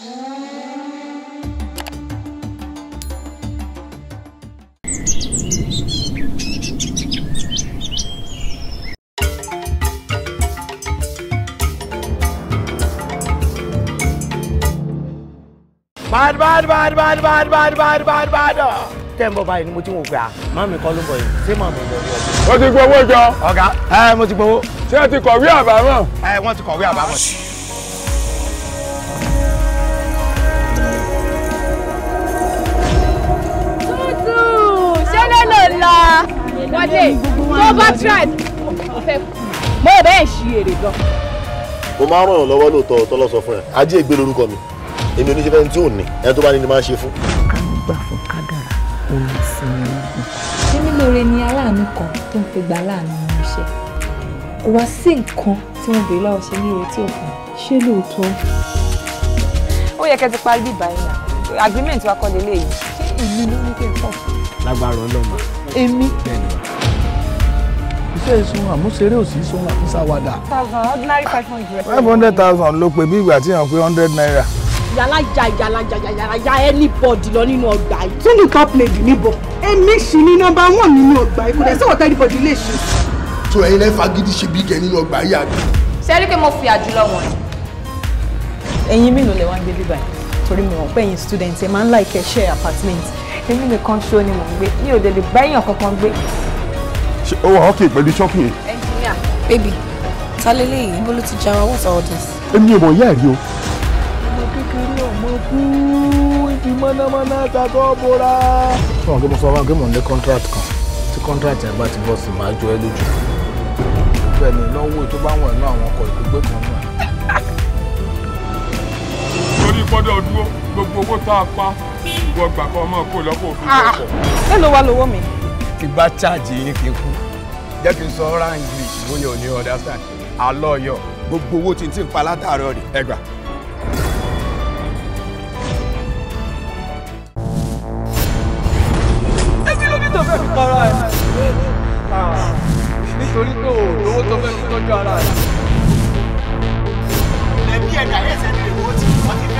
bad bad bad bad bad bad bad bad bad tẹ́ǹbọ̀ báyìí ni mo ti wò pé a ah, máa mi kọ́ ló bọ̀ yìí ṣé màmí lọ rí ọdún. mo ti gbowó jọ. ọ̀gá ẹ mo ti gbowó. ṣé ẹ ti kọ̀wé àbámọ̀. ẹ wọ́n ti kọ̀wé àbámọ̀. lọ wọlé tó bá tribe mo bẹ́ẹ̀ ṣí èrè gan. mo máa ń ràn yàn lọ́wọ́ lóòótọ́ tọ́lọ́ sọ fún ẹ ajé ìgbé lórúkọ mi èmi oníṣẹ́ fẹ́ni tí ò ní ẹni tó bá ní ni máa ṣe fún. ká ló gbà fún kádàrá omi sinmi lọ́gbọ̀n. ṣé nílòore ni aláàánú kan tó ń fi gba aláàánú mi ṣe kò wá sí nǹkan tí wọ́n béèrè lọ́wọ́ ṣe ní ìrètí òfin ṣé lóòótọ́. ó yẹ kẹ́ ti parí bíbá yín agreement wa kọ́ lélẹ́yìí ṣé ìlú ló ní kí n pọ̀. lágbára ọlọ́mọ èmi. iṣẹ́ ìsun àmúṣeré òsì sun àfisàwádà. five hundred thousand ló pè bí ìgbà tí yàn pé hundred naira. yàrá ja yàrá ja yàrá ja anybody lọ nínú ọgbà yìí. tún ní ká plẹ̀dì níbọ̀ èmi sì ni nọ́mbà one nínú ọgbà yìí kò dẹ̀ sọ̀rọ̀ tẹ́lifọ̀dì lè ṣe. tó ẹ̀yin lẹ́fà gidi ṣe bí jẹ nínú ọgbà yìí àgbà. sẹ́rí pé mo fi àjùlọ wọ̀n ẹ̀yin mélòó lẹ wá ń gbé bíbá yìí torí mi ò pẹ́yìn student ẹ̀ máa ń láìkẹ́ share apartment èmi nìkan ṣo ni mò ń gbé mi ò lè bá èèyàn kankan gbé. ṣé ó wà ókè pẹ̀lú ṣọ́ọ̀kì yẹn. bébì ta lélẹ́yìn níbo ló ti já wa what's all this. èmi ò mọ̀ ìyá rí o. ọmọ kékeré ọmọ kú ibi mọ́nàmọ́ná tàkọ́ bora. fún àwọn gbẹmọsọ wa gbẹmọ ní contract kan tí contract yẹn bá ti bọ́ sí máa jọ ẹ lójú. bẹ́ẹ̀ ni ìnáwó ètò bá wọn ẹ̀ àwọn ọkọ̀ ìgbẹ́gbẹ́ kan náà torí pọ́dọ̀ dúró gbogbo owó tá a pa ìwọ gbà kan ọmọ kó lọ́pọ̀ òfin ah, lọ́pọ̀. ẹ ló wá lọ́wọ́ mi. kí bá ṣáàjì yín kí n kú jẹ́ kí n sọ ọ́rá english bóyá ò ní understand alọ́yọ̀ gbogbo owó tí n ti ń pa látàárọ̀ rẹ̀ ẹ gbà. ẹbí ló ní tó fẹ́ fi tọrọ ẹ̀ ah, nítorí tó lówó tó fi tọ́jú ara rẹ̀. ẹbí ẹ̀dá ẹ̀sẹ̀ ni èwo ti wọ́n ti fẹ́.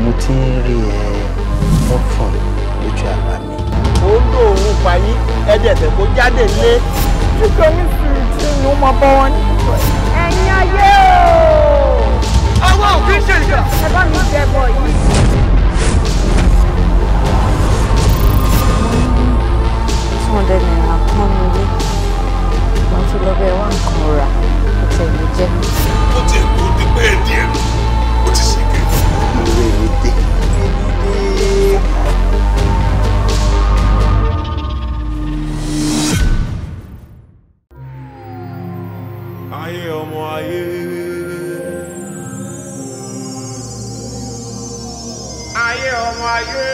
mo ti ń rí ẹ lọ́fọ̀n lójú àlá mi. ó lóorun payín ẹ̀ẹ́dẹ̀fẹ̀ kó jáde lé. kíkọ́ mi sì ti ní ó máa bọ́ wọn ní ìjọ ẹ̀. ẹ̀yin ayé o. ọwọ́ òfin ṣe ìjà. ẹ bá mi jẹ bọ̀ yìí. two hundred naira kan mi lé wọn tún lọ bẹ wá nǹkan rà ó jẹ́. ó ti kú dípẹ́ díẹ̀. ayé ọmọ ayé. ayé ọmọ ayé.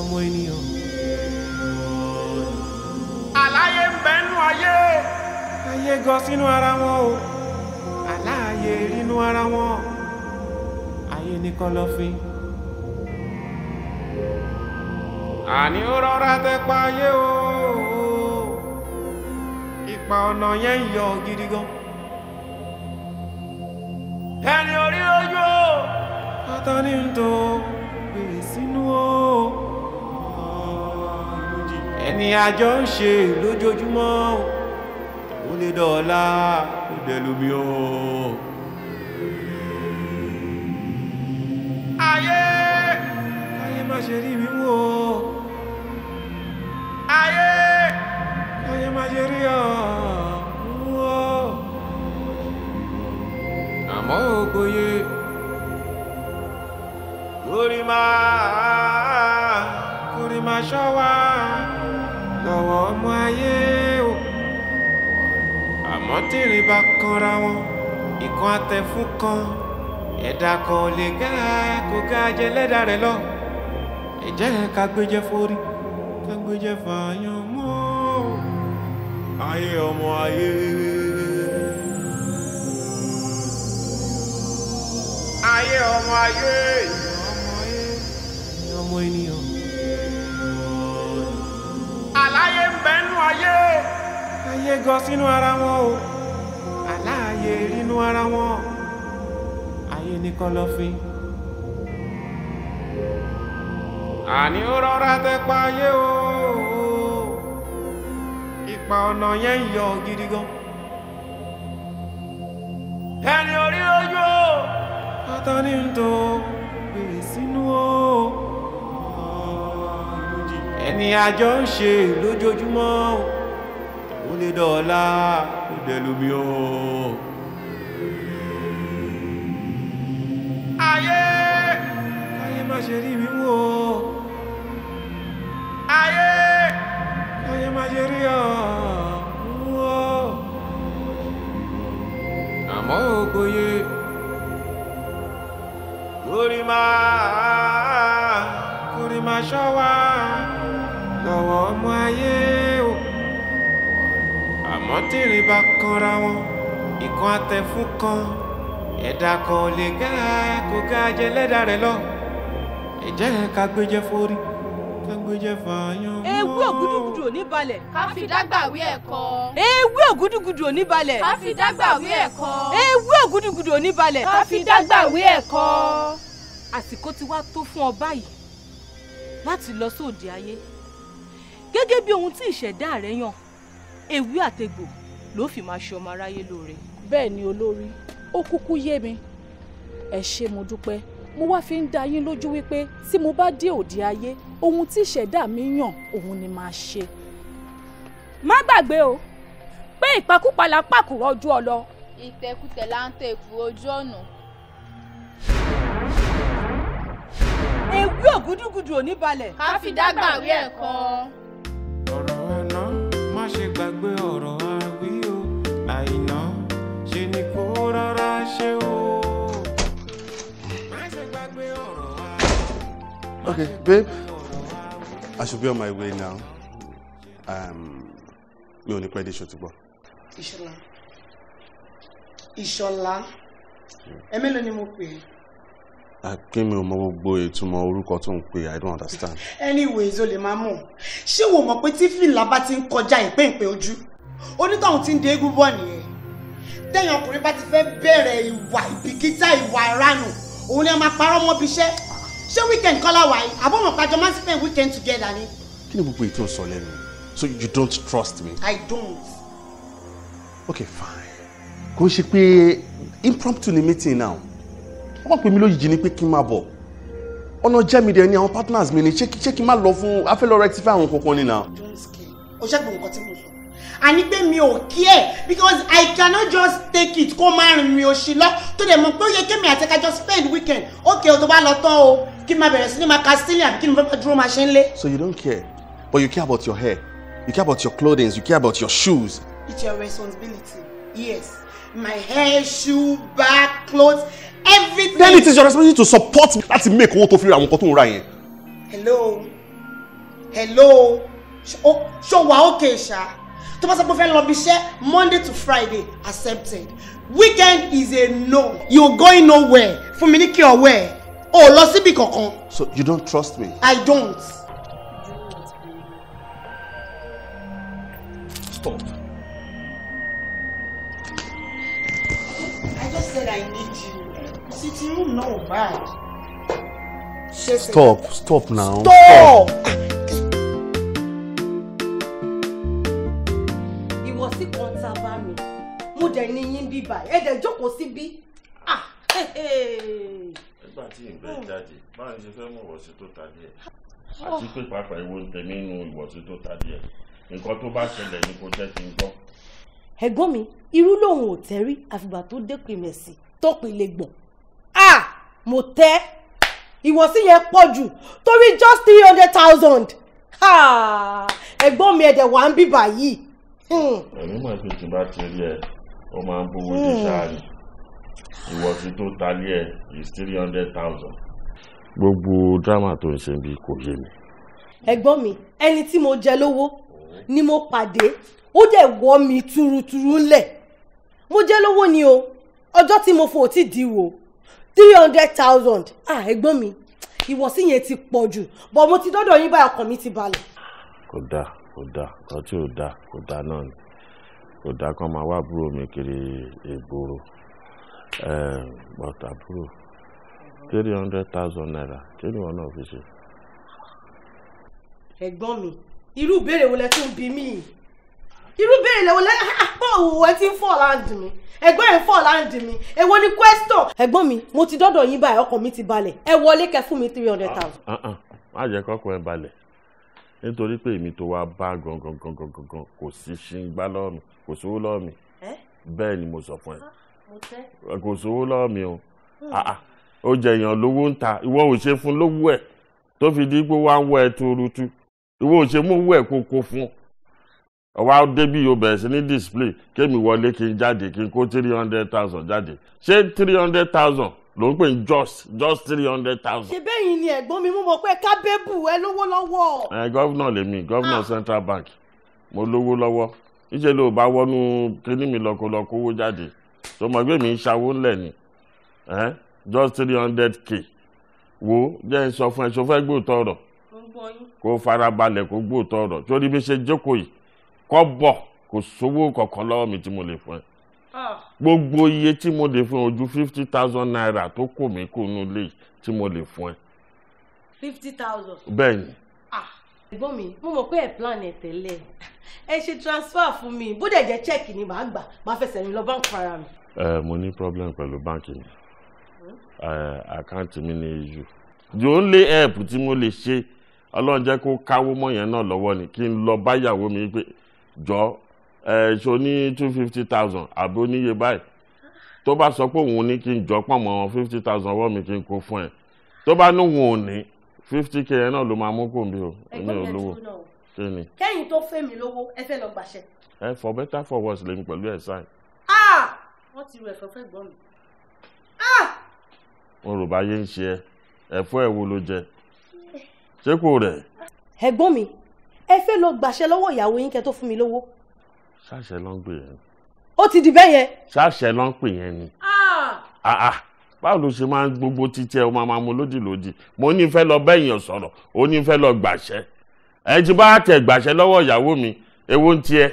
ọmọ ènìyàn. àláyé ń bẹ nú ayé. ayé gọ sínú ara wọn o àláàyè rínú ara wọn ayé ní kọ̀lọ̀fín. àní ó rọra tẹpa ayé o ipa ọ̀nà yẹn ń yọ gidi gan. ẹni orí ojú o pátá ní ń tó bèrè sínú o. ẹni àjọ ń ṣe lójoojúmọ́ ó lè dọ̀ọ́lá ó dẹ̀ lómi o. ayé ayé má ṣe rí mi wò ó ayé. Nàìjíríà. Àmọ́ ògbóyè lórí máa kúrì máa ṣọ́ wa lọ́wọ́ ọmọ ayé o. Àmọ́ tèrè bá kanra wọn, ìkan àtẹ̀fún kan, ẹ̀dá kan ò lè gá kó gá jẹ lẹ́dàá rẹ̀ lọ. Ẹ jẹ́ ká gbéjẹ́ forí, ká gbéjẹ́ fàáyán ayé ọmọ ayé. ayé ọmọ ayé. ọmọ ènìyàn. àláyé ń bẹ nú ayé. ayé gọ sínú ara wọn o àláàyè rínú ara wọn ayé ní kọ̀lọ̀fín. àní ó rọra tẹpa ayé o pa ọ̀nà yẹn ń yọ gidi gan. ẹni orí ojú o pátá ní ń tó bèrè sínú o. ẹni àjọ ń ṣe lójoojúmọ́ ó lè dọ̀ọ́lá ó dẹ̀ lómi o. ayé ayé má ṣe rí mi wò ayé. Hanya Majeria. Àmọ́ ògbóyè kurima, máa kúrì máa ṣọ́ wa lọ́wọ́ ọmọ ayé o. Àmọ́ tèrè bá kanra wọn, ìkan àtẹ̀fún kan, ẹ̀dá kan ò lè gá kó gá jẹ lẹ́dàá rẹ̀ lọ. Ẹ jẹ́ ká gbéjẹ́ forí ewé ògúdùgudù ò ní balẹ̀. ká fi dágbàwí ẹ̀kọ́. ewé ògúdùgudù ò ní balẹ̀. ká fi dágbàwí ẹ̀kọ́. ewé ògúdùgudù ò ní balẹ̀. ká fi dágbàwí ẹ̀kọ́. àsìkò ti wá tó fún ọ báyìí láti lọ sóde ayé gẹ́gẹ́ bí ohun tí ìṣẹ̀dá rẹ̀ yàn ewé àtegbò ló fi máa ṣe ọmọ aráyé lóore. bẹ́ẹ̀ ni olórí ó kúkú yé mi ẹ ṣé mo dúpẹ́ mo wá fi ń dá yín lójú wípé tí mo bá dé òde ayé ohun tí ìṣẹ̀dá mi yàn òun ni màá ṣe. má gbàgbé o pé ìpakúpa pàkúrọ̀ ojú ọ lọ. ìtẹ̀kùtẹ̀ la ń tẹ èkú ojú ọ̀nà. ewé ògúdúgudu ò ní balẹ̀. ká fi dágbà rí ẹ̀kan. ọ̀rọ̀ ẹ̀nà má ṣe gbàgbé ọ̀rọ̀ àwí o àìná ṣe ni kó rárá ṣe o. Okay, babe. I should be on my way now. Um, mi ò ní pẹ́ dé ṣòtúbọ̀. Ìṣọ̀lá. Ìṣọ̀lá. Ẹ mélòó ni mo pè é? Akin mi ò mọ gbogbo ìtumọ̀ orúkọ tó ń pè I don't understand. Anyways, o lè máa mọ̀. Ṣé wo mọ̀ pé tí fìlà bá ti ń kọjá ìpéǹpé ojú? Onítọ̀hún ti ń de eégún bọ̀ nìyẹn. Tẹ́yìn ọkùnrin bá ti fẹ́ bẹ̀rẹ̀ ìwà ìbìkítà ìwà ìranù, òun ni a máa parọ́ mọ́bi iṣẹ́ ṣé weekend kọ́lá wà yìí àbọ̀ mọ̀ pàjọ́ máa ń spend weekend together ni. kí ni gbogbo ètò sọ lẹ́nu so you don't trust me. I don't. okay fine kò ṣe pé impromptu ni meeting now wọ́n pè mí lójijì ni pé kí n máa bọ̀ ọ̀nà jẹ́ mi dẹ̀ ni àwọn partners mi ni ṣé kí n má lọ fún afẹ́lọ́ rectify àwọn kankan ni now. don't scare o ṣàgbọ̀n nǹkan tí mo sọ àní pé mi ò kí ẹ̀ because I cannot just take it kó máa rìn rìn òṣì lọ tó dẹ̀ mọ̀ pé ó yẹ kémi àti ẹ̀ka just spend weekend okay o tó bá lọ tán o kí n máa bẹ̀rẹ̀ sí ní máa ka sílẹ̀ àbí kí n fẹ́ dúró máa ṣe ń lé. So you don't care but you care about your hair you care about your clothing you care about your shoes. It's your responsibility yes my hair shoe bag clothes everything. Then it is your responsibility to support me láti make owó tó fi ra àwọn nǹkan tó ń ra yẹn. hello hello ṣó wà ókè ṣá tó bá sọ pé o fẹ́ lọ monday to friday accepted weekend is a no you are going nowhere fún mi ní kí ọwọ́ ẹ̀ o lọ síbi kankan. so you don't trust me. i don't. stop. i just said i need you See, you know bad. stop stop now. stop. stop. dẹ̀ ní yín bíbà ẹ dẹ̀ jókòó síbí. Ah, nígbà tí ìgbẹ́ hmm. jáde báyìí ṣe fẹ́ mú ìwọ̀sí tó ta díẹ̀ àti pé pàápàá ìwo tèmi nu ìwọ̀sí tó ta díẹ̀ nǹkan tó bá ṣẹlẹ̀ ni kò jẹ́ kí n gbọ́. ẹ̀gbọ́n mi irú lòun ò tẹ́rí àfìgbà tó dépin mẹ̀sì tọ́pin lè gbọ̀n a ah, mo tẹ́ ìwọ̀sí yẹn pọ̀ jù torí just three hundred thousand ah, ẹ̀gbọ́n mi ẹ̀dẹ̀ wà ń bíbà yìí. Hmm. ẹ̀mí mọ̀ pé tí bá ti rí ẹ ó máa ń bówó ní hmm. sáàrì ìwọ̀sí tó talí ẹ̀ is three hundred thousand. gbogbo drama tó ń ṣe bí kò yé mi. ẹ̀gbọ́n mi ẹni tí mo jẹ lówó ni mo pàdé ó dẹ̀ wọ́ mi túrútúrú ńlẹ̀ mo jẹ lówó ni o ọjọ́ tí mo fò tí di wo. three hundred thousand ah ẹ̀gbọ́n mi ìwọ̀sí yẹn ti pọ̀ jù bọ̀ mo ti dọ́dọ̀ yín báyìí ọkàn mi ti balẹ̀. kò dáa kò dáa nǹkan ò dáa kò dáa náà ni kò dáa kán máa wá àbúrò mi kiri but àbúrò three hundred thousand naira kí ni wọn náà fi mi irú ìbéèrè wo lẹ tún bí mi irú ìbéèrè lẹ́wọ̀n lẹ́yìn àpọ̀wò ah, ah, oh, ẹ ti ń fọ̀ láǹdì mi ẹ̀gbọ́n ẹ̀ ń fọ̀ láǹdì mi èwo ni question. ẹgbọn mi mo ti dọ́dọ̀ yín báyìí ọkàn mi ti balẹ ẹ wọlé kẹ mi three hundred thousand. Ah, má jẹ́ kọ́kọ́ ẹ balẹ̀ nítorí pé èmi tó wá bá gangan gangan gangan kò sí ṣíngbá lọ́ọ̀mì kò sówó lọ́ọ̀mì bẹ́ẹ̀ ni mo sọ fún ẹ ah, kò sówó lọ́ọ̀mì o hmm. ah, ah, ó jẹ èèyàn lówó ń ta ìwọ ò ṣe fún lówó ẹ tó fi di pé wá ń wọ ẹ tuurutu ìwọ ò ṣe mú owó ẹ kókó fún ọwọ́ débí yóò bẹ̀rẹ̀ sí ní display kémi wọlé kí n jáde kí n kó three hundred thousand jáde ṣé three hundred thousand ló ń pè ní just just three hundred thousand. ṣe bẹ́ẹ̀ yìí ni ẹ̀gbọ́n mi mú mọ pé kábẹ́bù ẹ lówó lọ́wọ́. ẹ gọ́vnà lèmi gọ́vnà ah. central bank mo lówó lọ́wọ́ níṣẹ́ ló bá wọnú kíní mi lọ́kọ́ lọ kówó jáde tó mọ̀ gbé mi ń ṣàwó ńlẹ̀ ni just three hundred k wo jẹ́ ń sọ fún ẹ ṣo fẹ́ gbóòótọ́ ọ̀rọ̀ kó farabalẹ̀ kó gbóòótọ́ ọ̀rọ̀ torí bí ṣe jókòó yìí kọ́ bọ̀ kò sówó kọ̀ọ̀kan lọ́wọ́ mi tí mo lè fún ẹ gbogbo iye tí mo lè fún ojú fifty thousand naira tó kù mí kù nù lè tí mo lè fún ẹ. fifty thousand. bẹ́ẹ̀ni. Ah, ẹ̀gbọ́n mi mo mọ̀ pé ẹ̀ plan ẹ̀ tẹ́lẹ̀ ẹ ṣe transfer fún mi bó dẹ̀ jẹ́ check ni màá gbà màá fẹsẹ̀ rìn lọ báńkì fara mi. ẹ mo ní problem pẹ̀lú báńkì mi àkáǹtì mi ní EU the only help tí mo lè ṣe ọlọ́run jẹ́ kó káwó mọ́ yẹn náà lọ́wọ́ ni kí n lọ báyàwó mi pé jọ ẹ ṣo ní two fifty thousand àbí oníye báyìí tó bá sọ pé òun ní kí n jọ pọ̀ mọ́ fifty thousand ọwọ́ mi kí n kó fún ẹ tó bá ní òun ò ní fifty k yẹn náà ló máa mú kò ń bí o èmi ò lówó kí ni. kẹ́yìn tó fẹ́ mi lówó ẹ fẹ́ lọ gbàṣẹ. ẹ for better for worse lèmi pẹ̀lú ẹ̀ sáì. wọ́n ti ru ẹ̀fọ́ fẹ́ gbọ́ mi. Yorùbá yé ń ṣe ẹ ẹ̀fọ́ ẹ̀ wo ló jẹ eh. ṣé kò rẹ̀. ẹ̀gbọ́n mi ẹ fẹ́ lọ gbàṣẹ lọ́wọ́ ìyàwó yín kẹ́ tó ṣáṣẹ ló ń pè yẹn. ó ti di bẹ́ẹ̀ yẹn. ṣáṣẹ ló ń pè yẹn ni. Ah! Ah, ah. báwo ló ṣe máa ń gbogbo títí ẹ o máa máa mu lódìlódì mo ní fẹ́ lọ bẹ́yìn sọ̀rọ̀ o ní fẹ́ lọ gbàṣẹ́ ẹ ti bá tẹ gbàṣẹ́ lọ́wọ́ ìyàwó mi èwo ń tiẹ̀.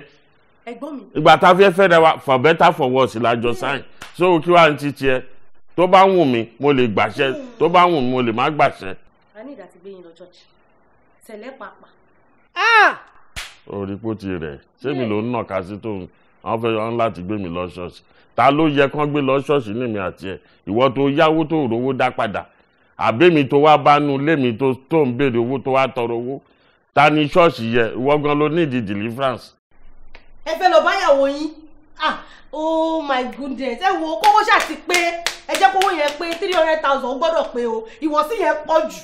ẹ̀gbọ́n mi. ìgbà tá a fẹ́ fẹ́ rẹ wa for better for worse lájọ sáyìn so kí wàá ń ti tiẹ̀ tó bá wù mí mo lè gbàṣẹ́ tó bá wù mí mo lè má gbàṣẹ́. a ní ìdá ti gbé yín lọ church tẹ̀lé pàápàá orí pò ti rẹ̀ ṣé mi ló ń nà ká sí tó àwọn fẹ́ wọn láti gbé mi lọ ṣọ́ọ̀ṣì ta ló yẹ kán gbé lọ ṣọ́ọ̀ṣì nìmi àti ẹ̀ ìwọ tó yáwó tó rówó dá padà àbẹ́mi tó wá bá nu lémi tó tó ń béèrè owó tó wá tọrọ owó ta ni ṣọ́ọ̀ṣì yẹ ìwọ gan ló ní ìdí deliverance. ẹ fẹ́ lọ báyàwó yín ah oh my goodness ẹ wo kówó ṣáà ti pé ẹ jẹ́ kówó yẹn pé three hundred thousand ó gbọ́dọ̀ pé o ìwọ̀nsí yẹn pọ̀ jù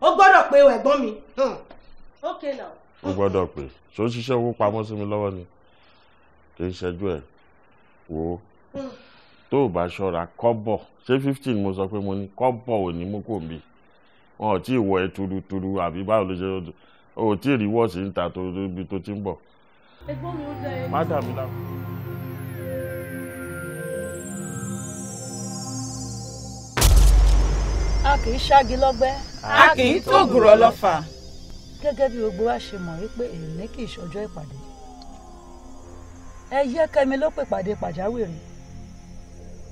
ó gbọ́dọ̀ pé o ẹ̀gbọ́n mi hmm. ok now o gbọ́dọ̀ pè ṣó ṣiṣẹ́ owó pamọ́ sí mi lọ́wọ́ ni kì í ṣẹ́jú ẹ̀ wò ó tó o bá ṣọ́ra kọ́bọ̀ ṣé fifteen mo sọ pé mo ní kọ́bọ̀ ò ní mú kò mí wọn ò tí ì wọ ẹ turuturu àbí báwo ló ṣe o ò tí ì rí wọ́ọ̀sì níta tó ibi tó ti ń bọ̀. ẹ̀gbọ́n mi ó dá ẹ. má dàbí láwọn. a kì í ṣáàgì lọ́gbẹ́. a kì í tògùrọ̀ lọ́fà gẹ́gẹ́ bí gbogbo wa ṣe mọ̀ wípé èmi kì í ṣọjọ́ ìpàdé ẹ yẹ kẹ́mi ló pè pàdé pàjáwìrì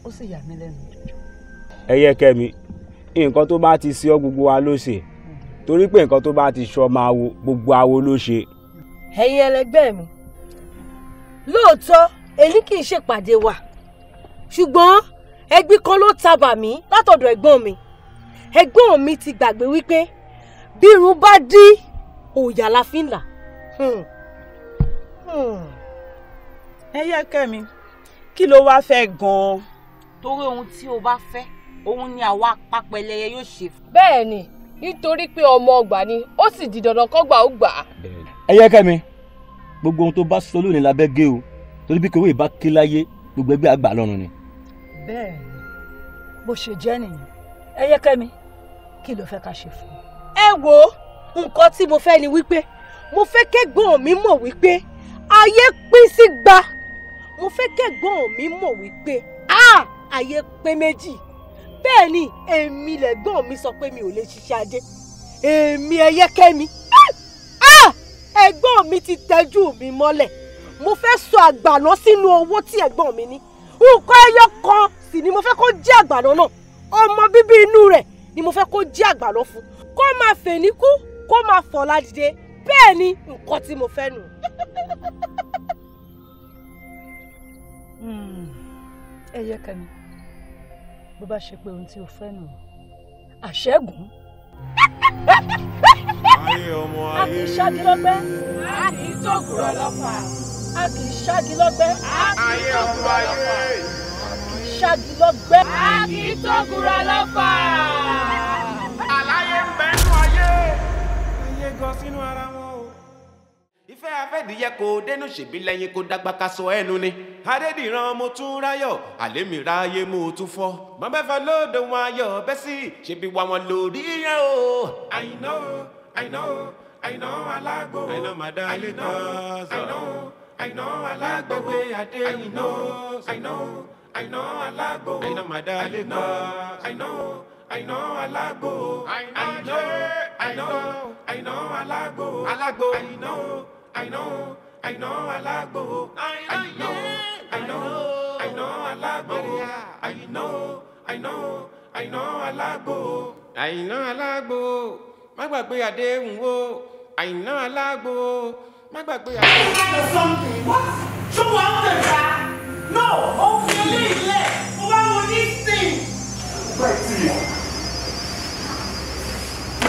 ó sì yà mí lẹ́nu. ẹ yẹ kẹ́mi nǹkan tó bá ti ṣe ọ gbogbo wa ló ṣe torí pé nǹkan tó bá ti ṣọ máa wo gbogbo awo ló ṣe. ẹ̀yin ẹlẹgbẹ́ mi lóòótọ́ èyí kì í ṣèpàdé wa ṣùgbọ́n ẹgbẹ́ kan ló tabà mí látọ̀dọ̀ ẹ̀gbọ́n mi ẹ̀gbọ́n mi ti gbàgbé wípé bírun bá dín òòyà la fi ń là. Hmm. Hmm. ẹ yẹ kẹ́mi kí ló wáá fẹ́ gan-an. torí ohun tí o bá fẹ́ òun ni àwa apapẹlẹyẹ yóò ṣe. bẹ́ẹ̀ ni nítorí pé ọmọ ọgbà ni ó sì di dandan kọ́gbà ó gbà. ẹ yẹ kẹ́mi gbogbo ohun tó bá sọ lónìí la bẹ́ gé o torí bí kòwé bá ké láyé gbogbo ẹgbẹ́ àgbà lọ́rùn ni. bẹ́ẹ̀ ni bó ṣe jẹ́ nìyẹn ẹ yẹ kẹ́mi kí ló fẹ́ ká ṣe fún un. ẹ wo nǹkan tí mo fẹ́ ni wípé mo fẹ́ kẹ́gbọ́n mi mọ̀ wípé ayé pín sí gba mo fẹ́ kẹ́gbọ́n mi mọ̀ wípé ayé pé méjì bẹ́ẹ̀ ni èmi lẹ́gbọ́n mi sọ pé mi ò lè ṣiṣẹ́ adé èmi ẹyẹkẹ́mi ẹ̀gbọ́n mi ti tẹ́jú mi mọ́lẹ̀ mo fẹ́ sọ àgbàná sínú owó tí ẹ̀gbọ́n mi ní nǹkan ẹyọ kan sì ni mo fẹ́ kó jẹ́ àgbàná náà ọmọ bíbí inú rẹ̀ ni mo fẹ́ kó jẹ́ àgbàná fún kó máa fè ní kú kó máa fọ̀la dìde bẹ́ẹ̀ ni nǹkan tí mo fẹ́ nù. Hmm. ẹyẹ kẹmi bó bá ṣe pé ohun tí o fẹ́ nù àṣẹ́gun. a kì í ṣáájú lọ́gbẹ́ a kì í tó lọ́pàá a kì í ṣáájú lọ́gbẹ́ a kì í a kì í ṣáájú lọ́gbẹ́ a kì í tó lọ́pàá. gan sínú ara wọn o. ìfẹ́ afẹ́díyẹ kò dénú ṣèbí lẹ́yìn kó dágbà ká sọ ẹnu ni. adédìran mo tún ráyọ̀ àlẹ́ mi ráyé mo tún fọ́. mọ̀mẹ́fà lóde wọn ayọ̀ bẹ́ẹ̀ sì ṣèbí wa wọn lórí yẹn o. àìná o àìná o àìná alágbó àìná màdá àìná àìná àìná alágbó adé àìná àìná àìná alágbó àìná màdá àìná àìná. I I I I I I I know know, know, know know, know, àìná I know, àìná àìná alágbó alágbó àìná àìná àìná alágbó àìná àìná àìná alágbó àìná àìná àìná I àìná alágbó má gbàgbé àdéhùn o àìná alágbó má gbàgbé àdéhùn. ṣé something wá ṣé wọ́n ń tẹ̀ka náà ó fi ilé ilẹ̀ wá wo ní sìn.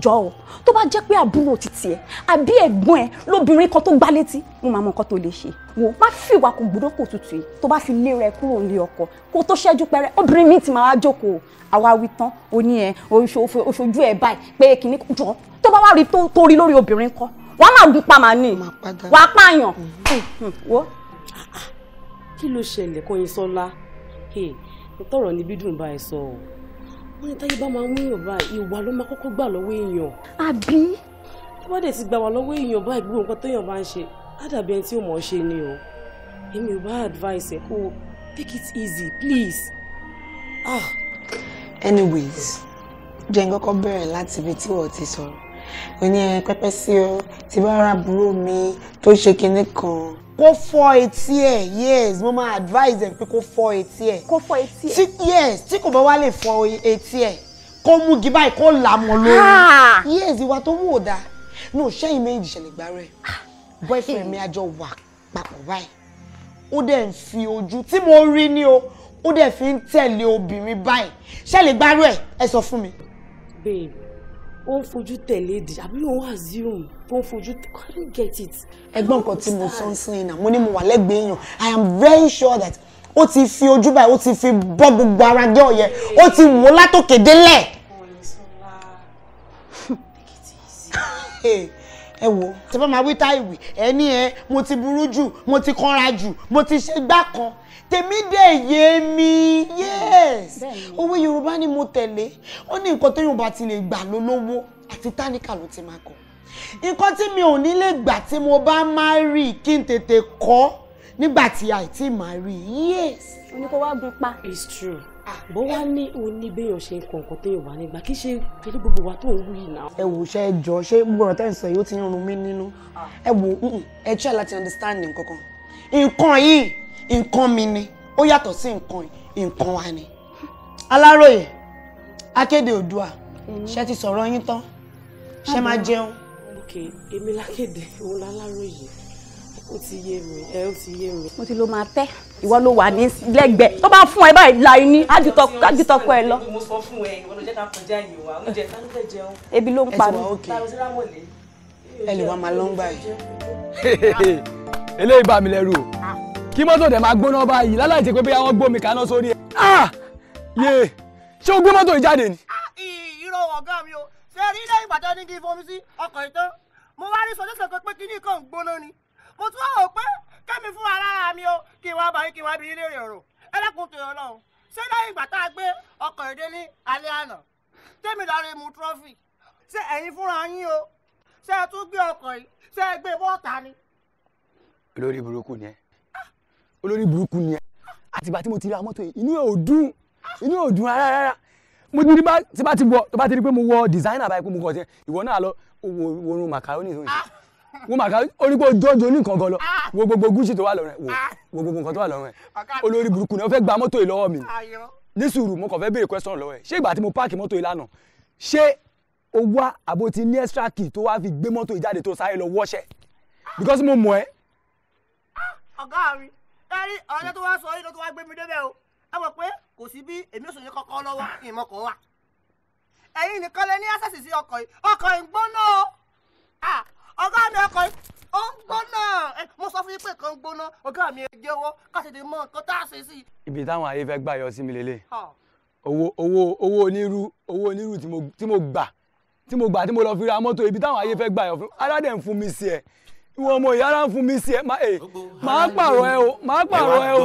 jọ o tó bá jẹ́ pé àbúrò títì ẹ̀ àbí ẹ̀gbọ́n ẹ̀ lóbìnrin kan tó gbá létí mo máa mọ nǹkan tó lè ṣe wò má fìwà kò gbọ́dọ̀ kò tutù yìí tó bá fi lé rẹ kúrò nílé ọkọ kó tó ṣẹ́jú pẹ́rẹ́ obìnrin mi ti máa wá jókòó àwa wí tán oní ẹ oṣojú ẹ báyìí pé kìnní jọ tó bá wà rí tó rí lórí obìnrin kan wàá máa gún pamà ní wàá pààyàn mm-hmm. hmm, wò. kí ló ṣẹlẹ̀ Kọ́yìnsọ́lá tọrọ ni bídùn bá sọ wọ́n táyé bá máa ń wíyàn báyìí ìwà ló máa kọ́kọ́ gbà lọ́wọ́ èèyàn. àbí. tó dẹ̀ ti gbà wá lọ́wọ́ èèyàn báyìí gbogbo nǹkan téèyàn bá ń ṣe á ẹni tí ò mọ̀ ọ́ ṣe ni o èmi ò bá advice ẹ̀ kó o take it easy please. ah. anyways jẹ́ nǹkan kan bẹ̀rẹ̀ láti ibi tí wọ́n ti sọ̀rọ̀ o ní ẹ pẹ́pẹ́ sí ọ tí bá ara àbúrò mi tó ṣe kinní kan kó fọ etí ẹ̀ yes mo máa advise ẹ̀ pé kó fọ etí ẹ̀. kó fọ etí ẹ̀. tí yes tí kò bá wá lè fọ etí ẹ̀ kó mú igi báyìí kó là mọ́ lórí. yes ìwà tó mú ò dáa ní òṣìṣẹ́ yìí méjì ṣẹlẹ̀ gbá rẹ̀ ah! boyfriend mi àjọ wà papọ̀ báyìí ó dẹ̀ ń fi ojú tí mo rí ni o ó dẹ̀ fi ń tẹ̀lé obìnrin báyìí ṣẹlẹ̀ gbá rẹ̀ ẹ sọ fún mi. bẹ́ẹ̀ ó ń fojú tẹ̀lé di àbí òun assume tó ń fojú tẹ̀lé i don't get it. ẹgbọ́n nǹkan tí mo sọ ń sìn yìí náà mo ní mo wà lẹ́gbẹ̀ẹ́ èèyàn i am very sure that ó ti fi ojú báyìí ó ti fi bọ́ gbogbo ara jẹ́ ọ̀yẹ́ ó ti wò látòkè délẹ̀. ẹ wo tẹ máa wí táìwì ẹ ní ẹ mo ti burú jù mo ti kanra jù mo ti ṣe gbá kan tèmi dẹ̀ yé mi yes òwe yorùbá ni mo tẹ̀lé ó ní nǹkan tó yorùbá ti lè gbà lólówó àti táníkà ló ti máa kọ nǹkan tí mi ò ní lè gbà tí mo bá máa rí kí n tètè kọ́ nígbà tí àìtí máa rí yes. o ní kó wá gun pa. it's true ah. bó wá ní oníbèèyàn ṣe nǹkan kan téèyàn wà nígbà kí ṣe pẹ̀lú gbogbo wa tó ń wí náà. ẹ wò ṣe ẹ jọ ṣé gbọràn tẹ́ ń sọ yìí ó ti ń run nínú ah. ẹ wò ẹ try láti understand nǹkan kan nǹkan yìí nǹkan mi ni ó yàtọ̀ sí nǹkan nǹkan wa ni. aláròye akéde oòdùà ṣe ti sọ̀rọ̀ yín tán ṣe máa jẹun. ok èmi lákéde òun láláròye ó ti yé mi ẹ ó ti yé mi. mo ti lo máa tẹ ìwọ ló wà ní lẹ́gbẹ̀ẹ́ tó bá fún ẹ báyìí la iní ájútọkọ ẹ lọ. mo sọ fún ẹ ìwọ ló jẹ ká kọjá yìí wá oúnjẹ tá ló fẹ́ jẹun. ebi ló ń pa mi. ẹ lè wá máa lọ́ngbà yìí. eléyìí bá mi lẹ́rù o kí mọ́tò dẹ̀ máa gbóná báyìí láláì ṣe pé bí àwọn gbómi kaná sórí ẹ̀. Ah! yé ṣé o gbé mọ́tò yìí jáde ni. irọ́ ah, ọ̀gá mi o ṣe rí lẹ́yìn ìgbà tó ní kí n fomi sí ọkọ̀ ìtàn mo wá rí sọdọ́sọ̀ kan pé kíní kan ń gbóná ni mo tún wá wò pé kẹ́mi fún ara mi o kí wá bàyí kí wá bí ilé rẹ̀ ẹlẹ́kùn tó yọ lọ́hùn ṣé lẹ́yìn ìgbà tá a gbé ọkọ̀ èdè ní alẹ́ àná tẹ́mi lọ́ọ́ mu trọ́fì ṣé ẹ̀yin fúnra yín o ṣé ẹ tún gbé ọkọ̀ yìí ṣé ẹ gbé bọ́ọ̀tà ni. olórí burúkú ni ẹ olórí burúkú ni ẹ àtìgbà tí mo ti ra mọ́tò yìí inú ò dùn inú ò dùn rárá rárá mo ti bá ti bá ti wọ tó bá ti rí pé mo wọ designer báyìí pé mo kàn jẹ ìwọ náà lọ wo orun macaroni tó yẹ wo macaroni onígbò jọjọ oníkan gan lọ wo gbogbo gucci tó wà lọ́rùn ẹ wo gbogbo nǹkan tó wà lọ́rùn ẹ olórí burúkú ni wọ́n fẹ́ gba mọ́tò yìí lọ́wọ́ mi ní sùúrù mo kàn fẹ́ béèrè question lọ́wọ́ ẹ ṣé ìgbà tí mo páàkì mọ́tò yìí lánàá ṣé o wá àbò ti ní extra key tó wá fi gbé mọ́tò ìjáde tó sáré lọ wọ́ṣẹ́ because mo mọ̀ ẹ́. ọ̀gá mi ẹ rí ọ̀rẹ́ tó wá sọ yìí ló tó wá gbé mi débẹ̀ o ẹ mọ̀ pé kò sí bí èmi ò sòyìn kọ́kọ́ lọ́wọ́ ìmọ̀ kọ́ wà ẹ̀yin nìkan lẹ ní access sí ọkọ̀ yìí ọkọ̀ yìí ń gbóná o ọ̀gá mi ọkọ̀ yìí ó ń gbóná mo sọ fún yín pé kan gbóná ọ̀gá mi ẹgbẹ́ owó káṣíde mọ nǹkan tá a ṣe sí. ibi táwọn ayé fẹ́ gbà yọ sí mi lélẹ̀ owó owó owó onírú owó onírú tí mo gbà tí mo gbà tí mo lọ fi ra mọ́tò ibi táwọn ayé fẹ́ gbà yọ fún aládẹ̀ ń fún mi sí ẹ̀ ìwọ ọmọ ìyá ara ń fún mi sí ẹ máa eh, pààrọ̀ ẹ o máa pààrọ̀ ẹ o.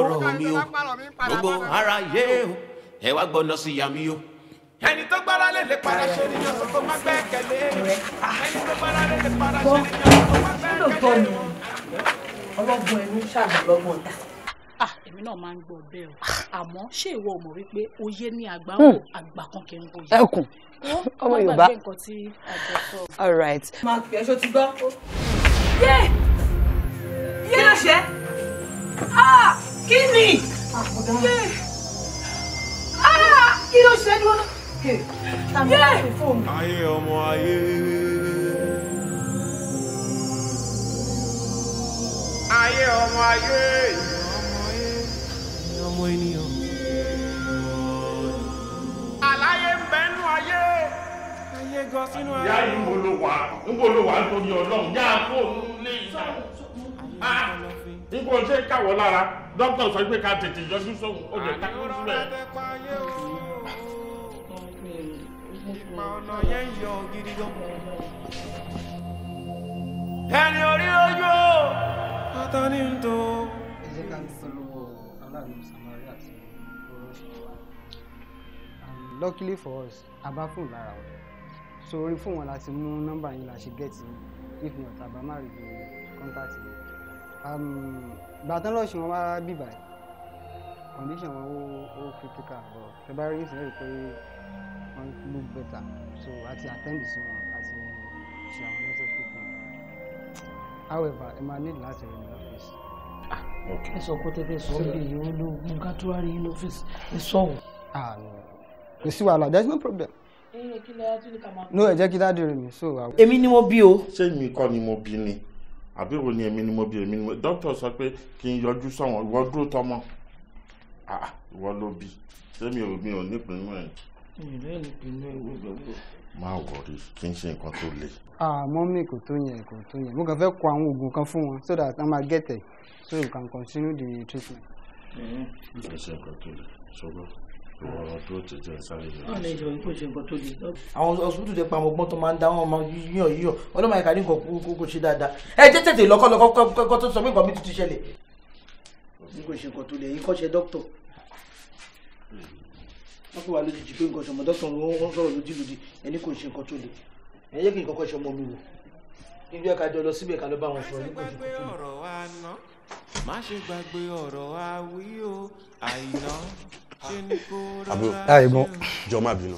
gbogbo ara yé o ẹ wá gbọ́dọ̀ sí ìyá o. ẹni tó gbára lè lè para ṣe ni yọ̀sọ̀ tó má gbẹ́kẹ̀lé ẹni tó gbára lè lè para ṣe ni yọ̀sọ̀ tó má gbẹ́kẹ̀lé. ọlọ́gbọ́n ẹnu ṣàgbọ́lọ́gbọ́n ta ah èmi náà máa ń gbọ́ bẹ́ẹ̀ o ah. àmọ́ ṣé ìwọ ò mọ̀ wípé oyé ní àgbáwò hmm. àgbà kan kì í wòye. ẹkùn ọmọ yorùbá all right. máa pè é ṣó ti yé yé ló ṣe ah kí ni yé ah kí ló ṣe dúró yé. ayé ọmọ ayé. ayé ọmọ ayé. ọmọ ayé. ọmọ ayé gan sínú ayé. yá ìwọ ló wà ìwọ ló wà nítorí ọlọ́run yá kó òun lè yá nǹkan ṣe káwọ́ lára dókítà sọ pé ká tètè yọjú sóhun ó lè ká kó sílẹ̀. ìmọ̀ ọ̀nà yẹn ń yọ gidi gan. ẹni orí ojú o. pátá ní n tó. ẹ jẹ́ ká ń polówó aláàánú Samaria tí ó rọ́ṣẹ̀ wá. luckily for us a bá fún lára wọn so orí fóònù wọn láti mú nọ́mbà yín la ṣe gẹ̀ẹ́tì if ní ọ̀tá bá má rí bí kọ́ńtàtì yẹn um, gbàtán lọ́ọ̀ṣì wọn wá bìbà condition wọn ó critical but tẹ bá rí ìsìn lórí pé wọn look better so àti attend sí wọn àti ṣe àwọn lẹ́tọ̀ treatment however ẹ máa need láti rí ní ah, office. ẹ sọ kó tẹ́tẹ́ sọ bí ìyẹn olóògùn ká tó wá rí ní ọ́fíìsì ẹ sọ wò. Ah, kò sí wàhálà there is no problem. Eh, no ẹ jẹ́ kí dáàdì rẹ̀ mi so. èmi ni mo bí o. ṣé èmi kọ́ ni mo bí ni àbí wo ni èmi ni mo bí èmi ni mo dókítà sọ pé kí n yọjú sọ̀wọ́n ìwọ dúró tọmọ ah, ìwọ ló bí ṣé mi ò mi ò nípinnu ẹ̀. ìrẹ́ nípinnu ẹ̀ wọ́n gbọ́dọ̀. má wọrí kí n ṣe nǹkan tó le. àmọ́ mi kò tó yẹn kò tó yẹn mo kàn fẹ́ kọ àwọn oògùn kan fún wọn so that i ma get it so you can continue the treatment. ẹ ṣe nǹkan tó le ṣọgbọ́n ọ̀rọ̀ tó àwọn ọ̀sùn tún tẹ pa àwọn ọgbọ́n tó máa ń dá wọn máa yíyàn yíyàn ọlọ́mọ ìkàdé nǹkan kó kó ṣe dáadáa ẹ tètè lọ́kọ́lọ́kọ́ kó tó sọ pé nǹkan mi tún ti ṣẹlẹ̀. kó ṣe nǹkan tó le yín kó ṣe dókítọ̀ wọ́n fún wa lójijì pé nǹkan ṣọmọ dókítọ̀ wọn sọ̀rọ̀ lójijì ẹni kò ṣe nǹkan tó le ẹ jẹ́ kí nǹkan kọ́ ṣọmọ mi wò níbi ẹ̀ka jọ lọ síbẹ̀ ká ló bá wọn sọ ní kòjú kòjú. má ṣe gbàgbé ọ̀rọ̀ àwí o àìná àbúrò àìgbọ́n jọ má bínú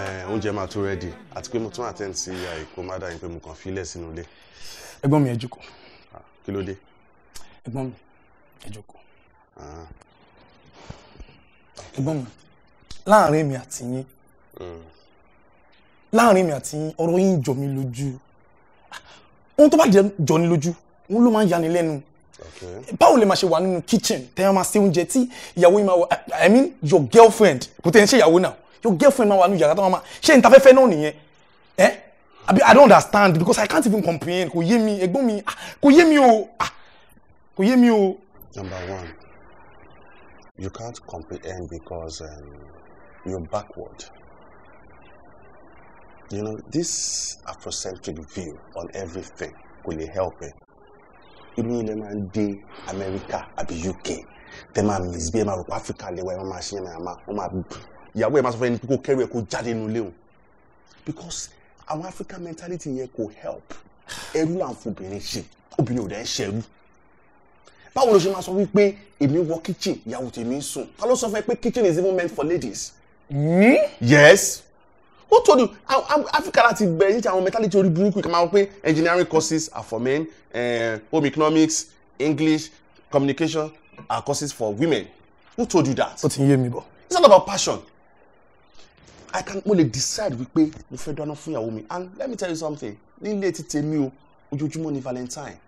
eh, oúnjẹ máa tó rẹ́dì àti pé mo tún àtẹ́ǹd sí àìkú mádà yín pé mo kàn fílẹ̀ sínú ilé. ẹ̀gbọ́n mi ẹ jókòó. Ah, kí ló dé. ẹ̀gbọ́n mi ẹ jókòó. Ah. ẹ̀gbọ́n mi láàrin mi àti yín hmm. láàrin mi àti yín ọ̀rọ̀ yín jọ mí lójú ohun tó bá jọ ní lójú òun ló máa ń yani báwo lè máa ṣe wà nínú kitchen tẹ́yàn máa ṣe oúnjẹ tí ìyàwó yìí máa wọ i mean your girlfriend kò tẹ́ ẹ ṣe ìyàwó náà your girlfriend máa wà nínú yàrá tó máa ṣe ìtafẹ́fẹ́ náà nìyẹn ẹ́ eh? àbí i don't understand because i can't even comprehend kò yé mi ẹ̀gbọ́n mi ah, kò yé mi o ah, kò yé mi o. number one you can't comprehend because um, you're backward. You know, this Afrocentric view on everything will really help it inú ilẹ̀ máa ń dé amẹ́ríkà àbí uk tẹ́ máa mìsí bí ẹ máa rò pé áfíríkà lè wá ẹ máa ṣe ẹ̀mẹ̀ àmà wọ́n máa ìyàwó ẹ̀ máa sọ fún ẹni pé kó kẹ́rù ẹ̀ kó jáde nínú ilé òun because àwọn african mentality yẹn kò help ẹrú là ń fobìnrin ṣe obìnrin ò dẹ́ ṣẹrú báwo ló ṣe máa sọ wípé èmi wọ kitchen ìyàwó tèmi ń sùn ta ló sọ fún ẹ pé kitchen is even meant for ladies. Mm? yes who told you africa láti bẹ̀rẹ̀ ní àwọn mentality orí burúkú ìkàmá wọn pé engineering courses are for men uh, home economics english communication are courses for women who told you that. ó ti ń yé mi bọ̀. it's all about passion i can only lè decide wípé mo fẹ́ dáná fún ìyàwó mi and let me tell you something nílé ti tèmi o ojoojúmọ́ ni valentine.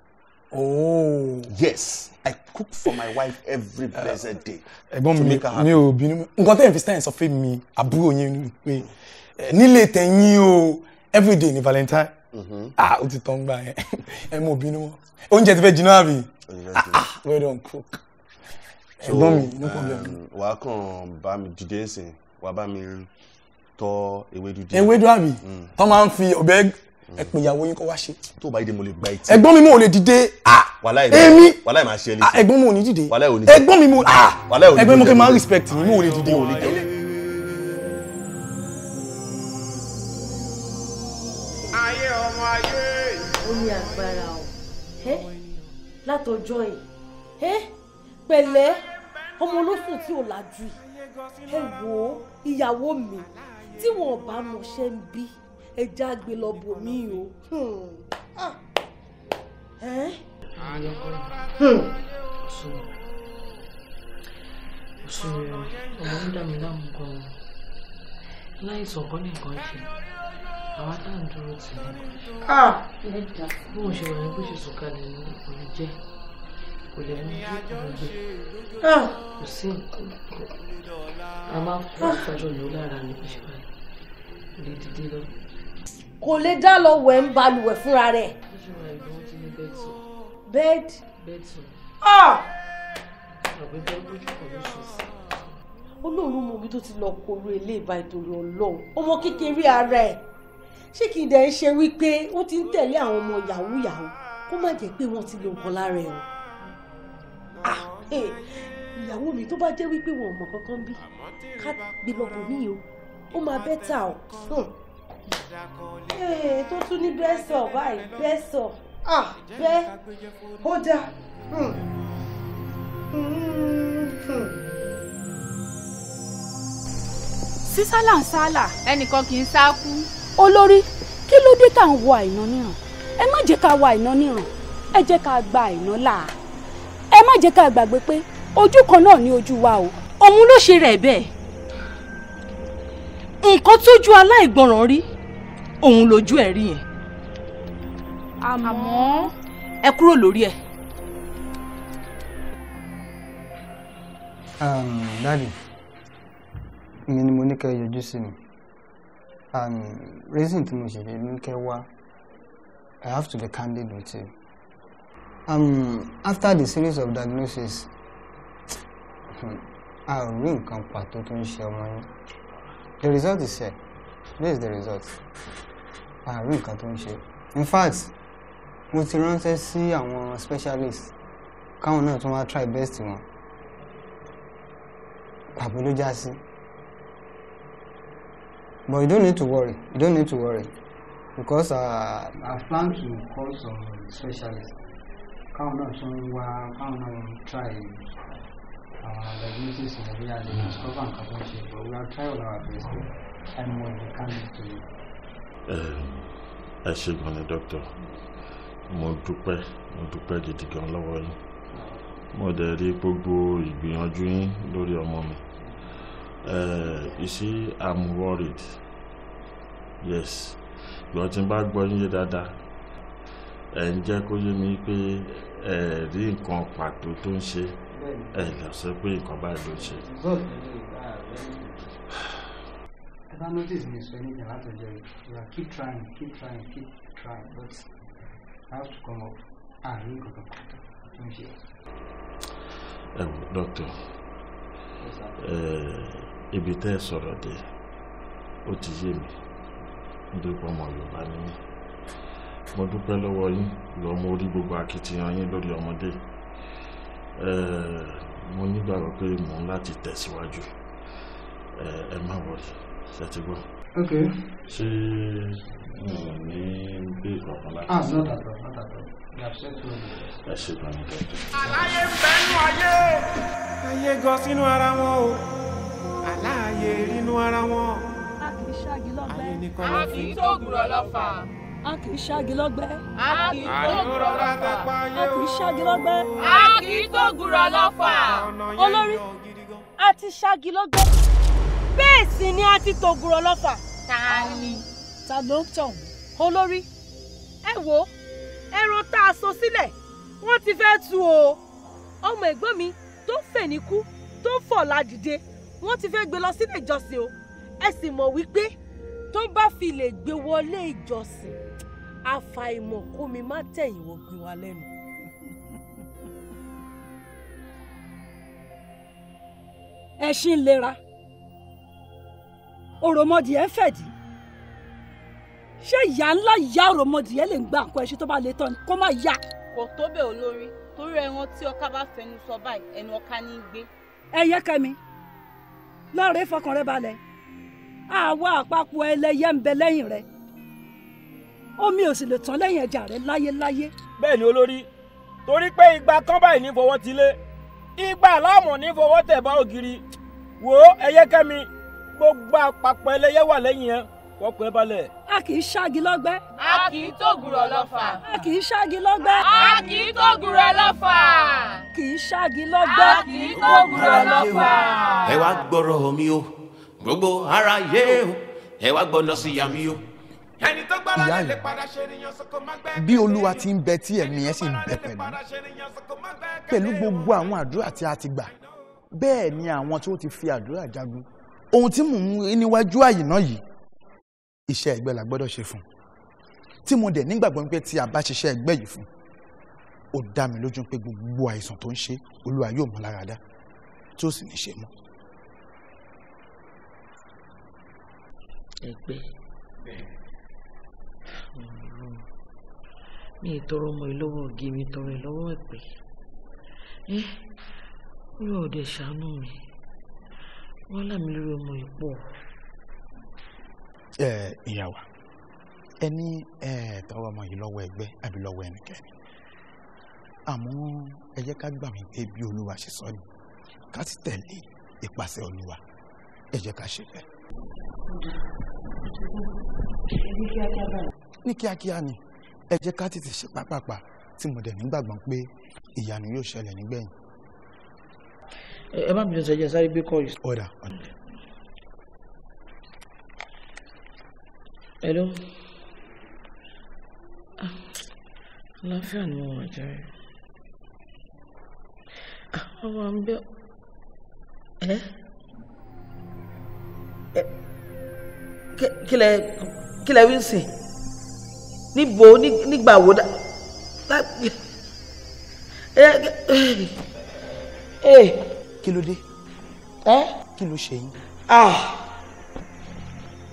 Oh. Yes, I cook for my wife every blessed day. Ẹ̀gbọ́n mi mi ò bínú nǹkan tẹ́ ẹ̀ fi stein sọ fún mi àbúrò yín ni pé nílé tẹ̀yìn o everyday ni valentine mhm. ah o ti tán gbà yẹn ẹ mọ bínú wọn oúnjẹ ti fẹ́ jiná àbí ah, ah well done cook ẹ̀gbọ́n mi no problem. Um, wà á kàn bá mi dìde ẹsìn wà á bá mi tọ ewédú díẹ̀. ewédú àbí mm. tó máa ń fi ọbẹ̀ mm. ẹ̀pìn ìyàwó yín kọ́ wá ṣe. tó o bá dìde mo lè gba ìtì. ẹ̀gbọ́n mi mo lè dìde ah èmi wàláì máa ṣe é ah, lè. ẹ̀gbọ́n mi ò ní dìde ẹ̀gbọ́n mi mo ah ẹ̀gbọ́n mi mo kẹ́ máa respect mi mo lè dìde. látọjọ́ yìí ẹ pẹ̀lẹ́ ọmọ olófò tí ò lajú ẹ wo, ó ìyàwó mi tí wọn bá mọṣẹ ń bí ẹ já gbé lọ bò mí o. òṣèré hmm. ah. hmm. ọmọ ń dà mí láàmú gan-an láìsàn kan nìkan ṣe àwa tá à ń dúró tì í ah! bí mo ṣe wà ní bó ṣe sọ̀kalẹ̀ ní orí jẹ́ kò lè mú kí ọ̀rọ̀ gbé ah! kò sí nǹkan a máa ń fún ìfàjọ ah! lò lára ní bó ṣe wà ní kò lè dìde lọ. kò lè dá lọ wẹ̀ ń balùwẹ̀ fúnra rẹ̀. bó ṣe wà ìgbọ́n ti ní bẹ́ẹ̀tì. bẹ́ẹ̀tì. bẹ́ẹ̀tì. ọ̀gbẹ́ bẹ́ẹ̀ lójú kan ló ṣe sí olóòórùn mọ̀ bí tó ti lọ kóró ilé ìbá ìtòrí ọlọ́run ọmọ kékeré ara ẹ̀ ṣé kì í dẹ̀ ń ṣe wípé ó ti ń tẹ̀lé àwọn ọmọ yahoo yahoo kó má jẹ́ pé wọ́n ti lo nǹkan lára ẹ̀ o. Ah, eh, ìyàwó mi tó bá jẹ́ wípé wọn ò mọ̀ kankan bí ká gbé lọ́bù mí o ó máa bẹ́tà o. Hmm. Eh, tó tún ní bẹ́ẹ̀ sọ báyìí bẹ́ẹ̀ sọ bẹ́ẹ̀ ó dáa. Hmm. Hmm. sísálà ń sálà ẹnìkan kì í sá kú olórí kí ló dé tá à ń wo àìná níràn ẹ má jẹ́ ká wo àìná níràn ẹ jẹ́ ká gba àìná là á ẹ má jẹ́ ká gbàgbé pé ojú kan náà ni ojú wa o. òun ló ṣe rẹ̀ bẹ́ẹ̀ nǹkan tójú aláìgbọràn rí òun lójú ẹ̀ rí yẹn. àmọ́ ẹ kúrò lórí ẹ̀. dadi ìyẹn ni mo ní ká yọjú sí mi and reason tí mo ṣe lè ní I have to be candid with you. Um, after the series of diagnosis, I ò rí nǹkan to tó ń ṣe ọmọ the result is here this is the result I ò rí to tó ń in fact mo ti ránṣẹ́ sí àwọn specialist káwọn náà tún wá try best wọn pàbó ló já sí. Si But you don't need to worry. You don't need to worry. Because uh, I plan to call some specialists. Káwọn náà tún wá káwọn náà try àwọn diagnosis ní bí a lè discover nǹkan but we are trying our best to find more we can do to you. Ẹ ṣe gan ni dókítà, mo dúpẹ́ mo dúpẹ́ gidi gan lọ́wọ́ yín, mo dẹ̀ rí gbogbo ìgbìyànjú yín lórí ọmọ mi. Uh, you see, I'm worried. Yes. Ìgbọ́n tí n bá gbọ́ yín yé dáadáa. Ẹ ń jẹ́ kó yé mi pé ẹ rí nǹkan pàtó tó ń ṣe. Ẹ lọ sọ pé nǹkan báyìí ló ń ṣe. Ẹ bá notice mi sọ ní ìyàrá yìí. You are keep trying, keep trying, keep trying, but I have to come up. Àárín nǹkan pàtó tó ń ṣe. Ẹ wò, dọ́kítọ̀. Yes, ibi tẹ́ ẹ sọ̀rọ̀ dé ó ti yé mi nítorí pé ọmọ yorùbá ni mí mo dúpẹ́ lọ́wọ́ yín lọ́ mo rí gbogbo akitiyan yín lórí ọmọdé mo nígbàgbọ́ pé mò ń láti tẹ̀síwájú ẹ má wọlé ṣe ti gbọ́. ok ṣé mo ní bí ìkọ̀ọ̀kan láti. ah not at all not at all ẹ ṣe ìbànújẹ́. àlàyé ń bẹ́nu ayé ayé gan sínú ara wọn o aláàyè rínú ara wọn. a kì í ṣáàgì lọ́gbẹ́. ayé nìkan ló a kì í tóògùrọ̀ lọ́fà. a kì í ṣáàgì lọ́gbẹ́. a kì í tóògùrọ̀ lọ́fà. a kì í ṣáàgì lọ́gbẹ́. a kì í tóògùrọ̀ lọ́fà. olórí a ti ṣáàgì lọ́gbẹ́. bẹ́ẹ̀ sì ni a ti tóògùrọ̀ lọ́fà. ta ni. ta ló ń tọ̀ olórí ẹ wo ẹran tá a so sílẹ̀ wọ́n ti fẹ́ tu o ọmọ ẹ̀gbọ́n mi tó fẹ̀ ní kú tó fọ̀ la wọ́n ti fẹ́ gbé lọ sílé ìjọsìn o ẹ sì mọ̀ wípé tó bá fi lè gbé wọlé ìjọsìn àfàìmọ̀ kó mi má tẹ̀yìn wọ́n gbé wa lẹ́nu. ẹṣin lera òròmọdìẹ fẹ̀dí ṣé ìyá ńlá ìyá òròmọdìẹ lè ń gba nǹkan ẹṣin tó bá le tán kó má yá. kò tó bẹ́ẹ̀ olórí torí ẹran tí ọká bá fẹnu sọ báyìí ẹnu ọká ní í gbé. ẹ yẹ kẹmi lọ́ọ̀rẹ́ fọkàn rẹ balẹ̀ àwa àpapọ̀ ẹlẹ́yẹ ń bẹ lẹ́yìn rẹ omi ò sì lè tán lẹ́yìn ẹja rẹ láyéláyé. bẹ́ẹ̀ ni olórí torí pé igba kan báyìí ní fọwọ́ ti lé igba láàmú ní fọwọ́ tẹ̀ bá ògiri wò ó ẹyẹ kẹ́mi gbogbo àpapọ̀ ẹlẹ́yẹ wà lẹ́yìn ẹ̀ kọ́kọ́ ẹ balẹ̀. a kì í ṣáàgì lọ́gbẹ́. a kì í tògùrọ̀ lọ́fà. a kì í ṣáàgì lọ́gbẹ́. a kì í tògùrọ̀ lọ́fà. kì í ṣáàgì lọ́gbẹ́. a kì í tògùrọ̀ lọ́fà. ẹ wá gbọ́rọ̀ mi o gbogbo ara yé o ẹ wá gbọ́dọ̀ sí ìyá mi o. ẹni tó gbára lè lè padà ṣe ènìyàn sọkò má gbẹ́. bí olúwa ti ń bẹ tí ẹ̀mí ẹ sì ń bẹ pẹ̀lú pẹ̀lú gbogbo àwọn àdúrà tí a ti gbà bẹ́ẹ̀ ni àwọn tí ó ti fi àdúrà jagun ohun tí mò ń níwájú àyè náà yìí iṣẹ́ ẹgbẹ́ la gbọ́dọ̀ ṣe fún tí mo dẹ̀ nígbàgbọ́ pé tí a bá ṣiṣẹ́ ẹgbẹ́ yìí fún ó dá mi lójú pé gbogbo àìsàn tó ń ṣe olúwa yóò mú lára dá tí ó sì ní ṣe mọ́. ẹgbẹ́ mi ìtọrọ ọmọ ìlọ́wọ́ ọ̀gì mi tọrọ ìlọ́wọ́ ẹ̀pẹ́ ẹ́ olúwa ọ̀dẹ̀ ṣàánú mi wọ́n lámì lórí ọmọ ìpọ̀ ìyá wa ẹni tọwọ́ ọmọ yìí lọ́wọ́ ẹgbẹ́ àbí lọ́wọ́ ẹnikẹ́ni àmọ́ ẹ jẹ́ ká gbà mí pé bí olúwa ṣe sọ ni ká sì tẹ̀lé ìpàṣẹ olúwa ẹ jẹ́ ká ṣe bẹ́ẹ̀. ní kíákíá ni ẹ jẹ́ ká tètè ṣe pápápá tí mo dẹ̀ nígbàgbọ́ pé ìyanu yóò ṣẹlẹ̀ nígbẹ̀yìn. ẹ má bínú sọ jẹ́ sáré gbé kọ́ yìí. ọ̀dà ọ̀dà. Hello. Ah, àlàáfíà ni mo wà jàre. Ah, ọmọ mi bẹ́ ẹ́ ẹ́ kílẹ̀ kílẹ̀ wí sìn níbo nígbà wo dá kí ló dé kí ló ṣe yín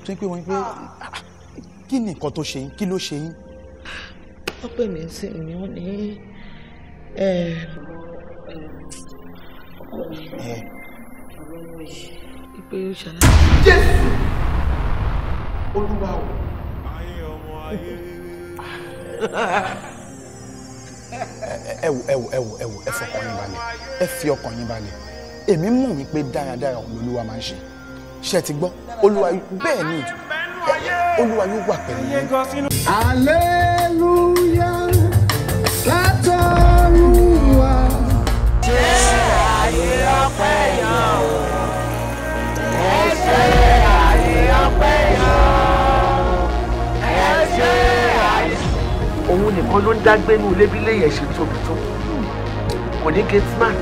tó ń pè wọ́n pé ah kí ni nǹkan tó ṣe yín kí ló ṣe yín. wọ́n pè mí sí ni wọ́n ní ìpè ìṣàlá. jésù olúwa o. ayé ọmọ ayé. ẹ wò ẹ wò ẹ wò ẹ wò ẹ fọkàn yín balẹ̀ ẹ fi ọkàn yín balẹ̀ èmi mọ̀ wípé dáradára òun lolúwa máa ń ṣe ṣe ti gbọ́ olúwa bẹ́ẹ̀ ni ìjọba olúwa yóò wà pẹ̀lú yín. aleluya látọ̀rùwà. ṣé àyè ọpẹ́ yàn ó ẹ ṣe àyè ọpẹ́ yàn ẹ ṣe àyè. òun nìkan ló ń dágbé inú ilé bí tó kò ní gate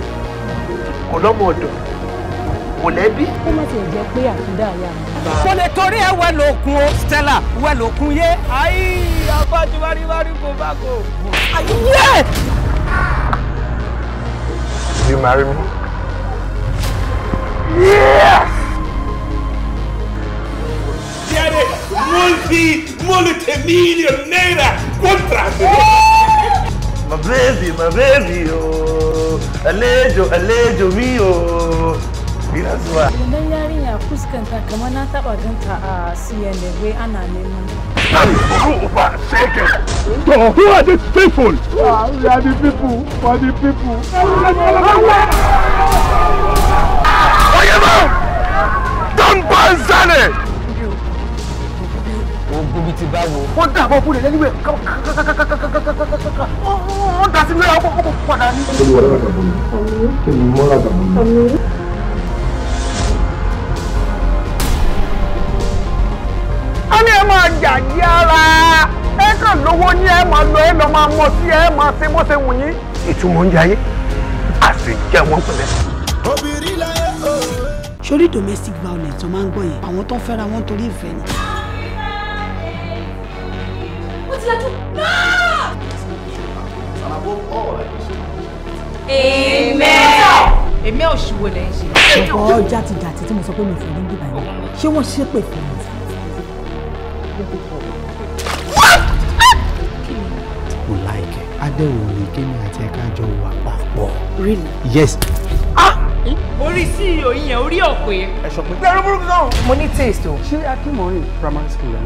kò lọ́mọ ọ̀dọ̀ mọ̀lẹ́bí. ó má ti jẹ́ pé àtúndà yà mí. kò lè torí ẹ wẹ lókun o Stella wẹ lókun yé. ayé abájú wáríwárí kò bá kò. ayé. you marry me? Yes! Tiene multi, multi multimillonaire contra My baby, my baby, oh, Alejo, Alejo mio. Oh ina zuwa idan yarinya fuskanta kamar na taba ganta a CNN wai ana neman Uba, who are these people? Ah, we are the people. For the people. Oyeba! Don Banzane! Ogun bi ti báwo. Wọ́n dà bọ́ fúnlẹ̀ lẹ́nu ẹ̀ ó dà sí mẹ́ra ọkọ̀ padà ní. Olúwa lára dàbọ̀ ni. Kí ni mọ́ra dàbọ̀ ni? máa jàdí ara ẹ kàn lówó ní ẹ máa lọ ẹ lọ máa mọ sí ẹ máa ṣe bó ṣe wù yín. ìtumọ̀ oúnjẹ ayé àti jẹ́ wọ́n pẹ̀lẹ́. obìnrin láyé o. sórí domestic violence tó máa ń gbọ́ yẹn àwọn tó ń fẹ́ra wọn torí ìfẹ́ ni. ó i just èmi ò ṣùwọ̀n lẹ́yìn ṣe. ọ̀pọ̀ ọjà ti dàtí tí mo sọ pé mi ò fẹ́ ní bíbá yẹn ṣé wọ́n ṣépè fún mi mo like ẹ adẹ́wò ni kémi àti ẹ̀ka jọ wà papọ̀. really. yes. Ah! orí ceo yìí yẹn orí ọ̀pẹ. ẹ sọ pé. bẹ́ẹ̀ ló burúkú náà. mo ní taste o. ṣé akínmọ̀rin primary school yẹn.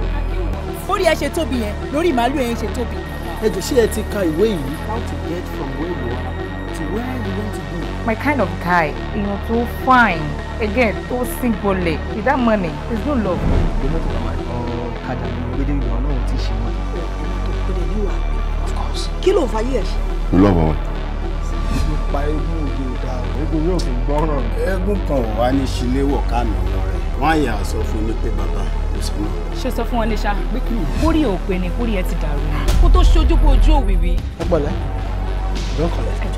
orí ẹ ṣe tóbi yẹn lórí màálù ẹ ṣe tóbi. ẹ jọ ṣé ẹ ti ka ìwé yìí. how to get from where you are to where you want to be. my kind of guy èèyàn tó fine again tó simple with that money is no love tajà gbẹdẹ ìwà Ọlọ́run ti ṣe wọn. tó kó dé níwà of course kí ló ń fa yíyẹ. lọ́wọ́ wa. mo pa eégún òde òda eégún yóò fi gbọ́ràn. eégún kan ò wá ní ṣíléwọ̀ kánú rẹ̀ wọ́n àyà sọ fún mi pé bàbá kò sọ náà. ṣe sọ fún wọn ní sá pé kórìí òpin ni kórìí ẹ ti dàrú kó tó ṣojú kó ojú òwìwí. ọpọlọ don't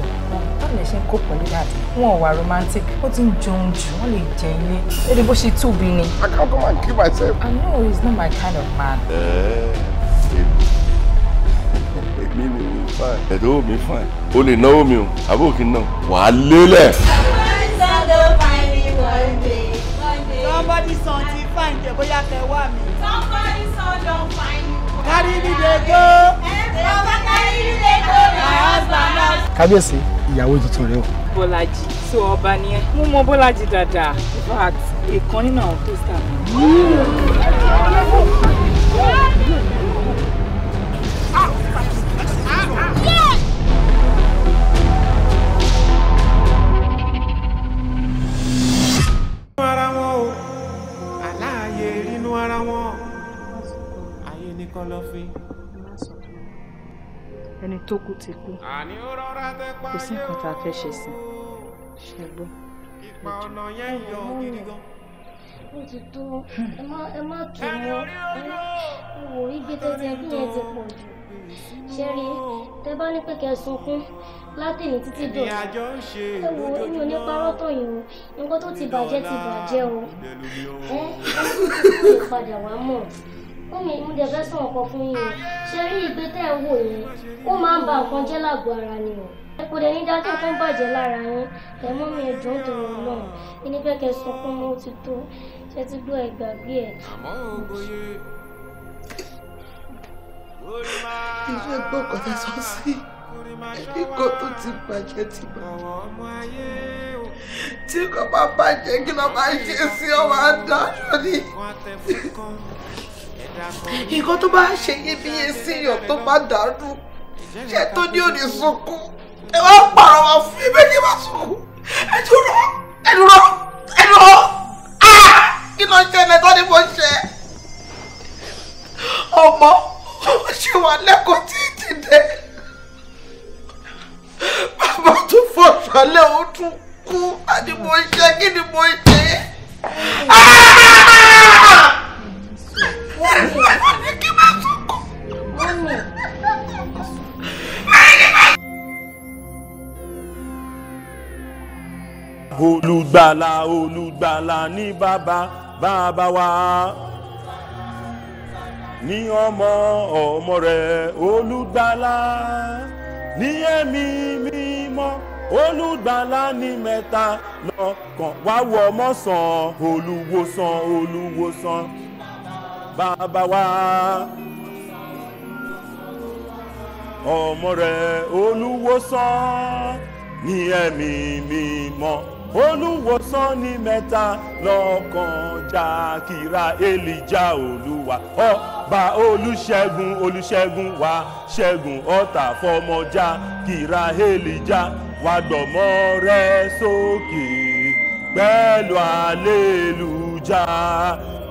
báwo lè ṣe ń kó pẹ̀lú that wọn ò wà romantic ó ti ń jọun jù wọ́n lè jẹ ilé lórí bó ṣe tóbi ni. I can't come and kill myself. I know he's not my kind of man. èmi ni mi fine ẹ̀dọ́ mi fine o lè náwó mi o àbókí náà wàá lélẹ̀. Somebody son ti find ẹ bóyá kẹ wá mi. Somebody son don find me. Carry me dey go. Bàbá carry me dey go. My husband house. Kábíyèsí, ìyàwó tuntun rẹ o. Bọ́lájì tó ọba ni ẹ. Mo mọ Bọ́lájì dáadáa. In fact, nínú àwọn tó sà kọ̀lọ̀fín. ẹni tó kú ti kú kò sí nǹkan tá a fẹ́ ṣe sí ṣe gbọ́. ipa ọ̀nà yẹn yọ gidi gan. ó ti tó ẹ má tù mọ́ ẹ wò igi tẹ́tẹ́ ẹbí yẹn ti pọ̀ jù ṣe rí tẹ bá ní pé kẹ́ sunkún látẹ̀yìn títí dọ̀ ẹ wo èmi ní parọ́ tàn o nǹkan tó ti bàjẹ́ ti bàjẹ́ o ẹ ẹ ní kí n padà wá mọ́mí mo dẹ̀ fẹ́ sọ nǹkan fún yín o ṣe rí ìgbé tẹ́ ẹ̀ wò yẹn ó máa ń ba nǹkan jẹ́ lágọ̀ọ́ ara ni o ẹ kò dẹ̀ ní dá kí nǹkan bàjẹ́ lára yín ẹ mọ́mí ẹ̀dùn tòun náà ẹni fẹ́ kẹ́ sọ fún mi ó ti tó ṣe ti gbọ́ ẹ gbàgbé ẹ̀. ìfẹ́ gbọ́ kọ́tà sọ sí kíkọ́ tó ti bàjẹ́ ti bàjẹ́ tí kò bá bàjẹ́ kí ló máa ṣe sí ọmọ adájọ́ ni nǹkan tó bá ṣe iyebíye síyàn tó bá dàrú ṣe tó ní òní sunkún ẹ wá pààrọ̀ wá fún ibẹ̀ ní bá sunkún ẹ dúró ẹ dúró ẹ dúró ah! kí ló ń ṣẹlẹ̀ tó ní mo ṣe ọmọ ó ṣe wà lẹ́kọ̀ọ́ tí ì ti dé bàbá tó fọ̀ ṣálẹ̀ ó tún kú àti mo kí ni mo ṣe. Ah! olùgbàlà olùgbàlà ní bàbá bàbá wa ní ọmọ ọmọ rẹ̀ olùgbàlà ní ẹ̀mí mímọ́ olùgbàlà ní mẹ́ta lọ́kàn wá wọ mọ́sàn olùwòsàn olùwòsàn bàbá wa ọmọ rẹ̀ olùwòsàn ní ẹ̀mí mímọ́ olùwòsàn ní mẹ́ta lọ́kàn jákìrá èlìjà olúwa ọba olùṣègùn olùṣègùn wa ṣẹ́gun ọ̀tá fọmọjà kìrá èlìjà wa dọ̀mọ́ rẹ sókè pẹ̀lú àlélujá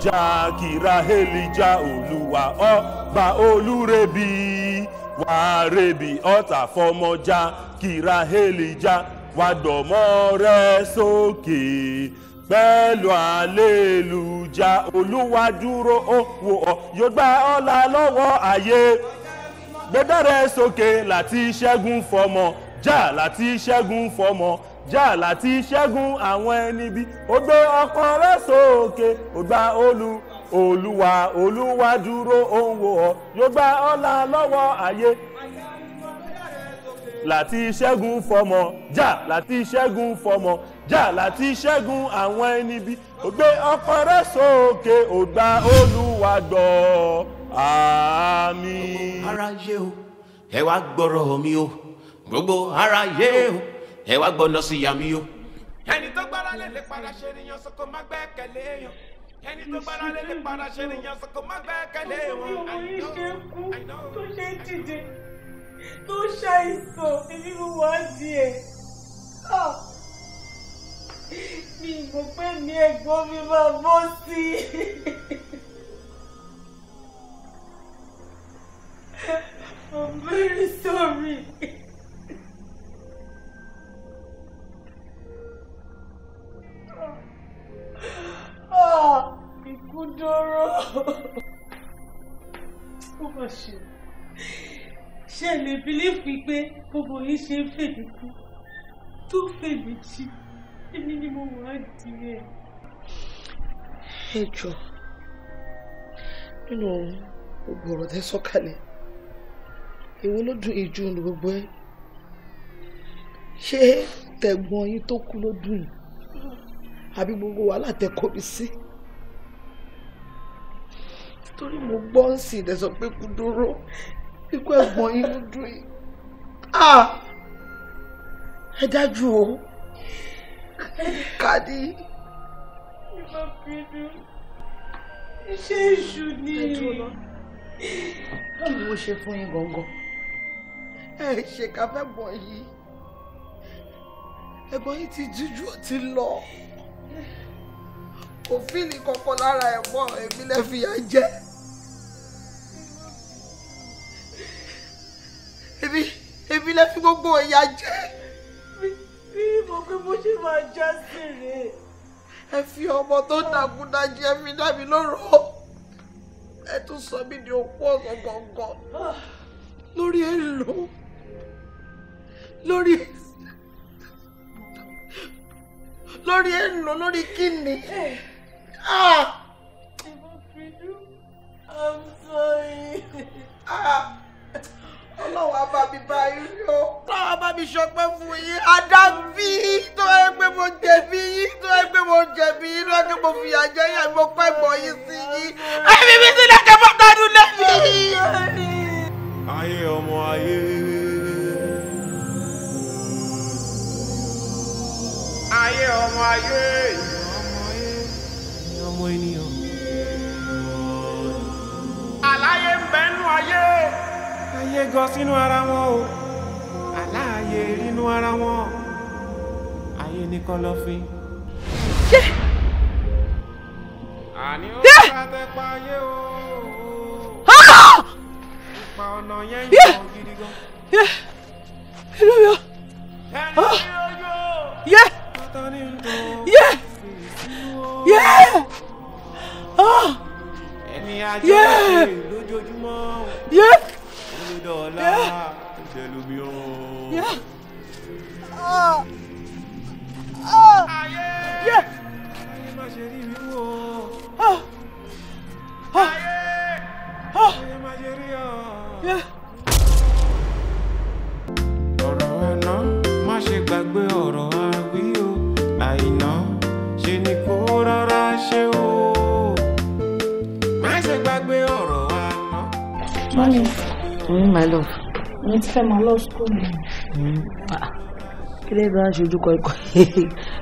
jákìrá èlìjà olúwa ọba olùrẹ́bí wàá rẹ́bí ọ̀tá fọmọjà kìrá èlìjà wá dọ̀mọ́ rẹ sókè pẹ̀lú àlélujá olúwa dúró ó wò ọ́ yóò gbà ọ́ là lọ́wọ́ ayé gbẹdẹ rẹ sókè láti ṣẹ́gun fọmọ já láti ṣẹ́gun fọmọ já láti ṣẹ́gun àwọn ẹni bí ó gbé ọkàn rẹ sókè ó gbà olú olúwa olúwa dúró ó wò yóò gbà ọ́ lọ́wọ́ ayé láti ṣẹ́gun fọmọ jà láti ṣẹ́gun fọmọ jà láti ṣẹ́gun àwọn ẹni bí ó gbé ọkọ rẹ sókè ó gba Olúwa gbọ́ àmín. aráyé o ẹ wá gbọ́rọ̀ mi o gbogbo aráyé o ẹ wá gbọ́dọ̀ sí ìyá mi o. ẹni tó gbára lè lè padà ṣe ènìyàn sọkò má gbẹ́kẹ̀lé èèyàn ẹni tó gbára lè lè padà ṣe ènìyàn sọkò má gbẹ́kẹ̀lé wọn. ọmọ yìí ṣe kú tó ṣe dìde tó ṣàìsàn èmi mo wá di ẹ̀ ah! mi mọ̀ pé mi ẹ̀gbọ́n mi máa bọ́ sí i. I'm very sorry. Ikú ah! dọ́rọ̀. Ó mà ṣe ṣe lè bílífì pé gbogbo yìí ṣe ń fèdè kú tó fèdè jí èmi ni mo wà á di ẹ. ẹ jọ nínú gbogbo ọ̀rọ̀ tẹ́ sọ́kalẹ̀ èwo ló dùn ìjú ní gbogbo ẹ ṣé tẹ̀gbọ́n yín tó kú ló dùn àbí gbogbo wàhálà tẹ kó sí torí mo gbọ́ ń sìn ìdẹ̀sọ̀ pé kú ikú ẹ̀gbọ́n yín ló dún yìí ah! ẹ dájú o káàdì. ìbá bínú iṣẹ́ èṣù ni. ẹ dúró lọ kí ni mo ṣe fún yín gangan ẹ ṣe ká fẹ́ gbọ̀n yìí ẹ̀gbọ́n yìí ti jíjú ó ti lọ kò fíìlì kankan lára ẹ̀gbọ́n èmi lè fìyà jẹ. èmi èmi lè fi gbogbo ìyà jẹ. mi mọ̀ pé mo ṣe máa já sí rèé. ẹ fi ọmọ tó dàgúdájí ẹ fi dá mi lóró ẹ tún sọ mí di òkú ọ̀sán gangan lórí èlò lórí lórí èlò lórí kíni. Ah! I'm sorry. Ah! bá mi ṣọpẹ́ fún yín adábí tó ẹ pé mo jẹ̀bi yín tó ẹ pé mo jẹ̀bi yín ló mo fìyà jẹ yín mo pẹ́ gbọ́ yín sí yín ẹ̀mí mi sì lẹ́kẹ̀ fọ́tọ́dún lẹ́bi. ayé ọmọ ayé. ayé ọmọ ayé. ọmọ ènìyàn. àlàyé ń bẹ́nu ayé. ayé gan sínú ara wọn o ààyè nínú ara wọn ààyè ní kọ̀lọ̀fín. àní ó bá tẹ pa ayé o. ipa ọ̀nà yẹn yìí gidi gan. school ni. kí ló bá ṣojú kọ ikọ̀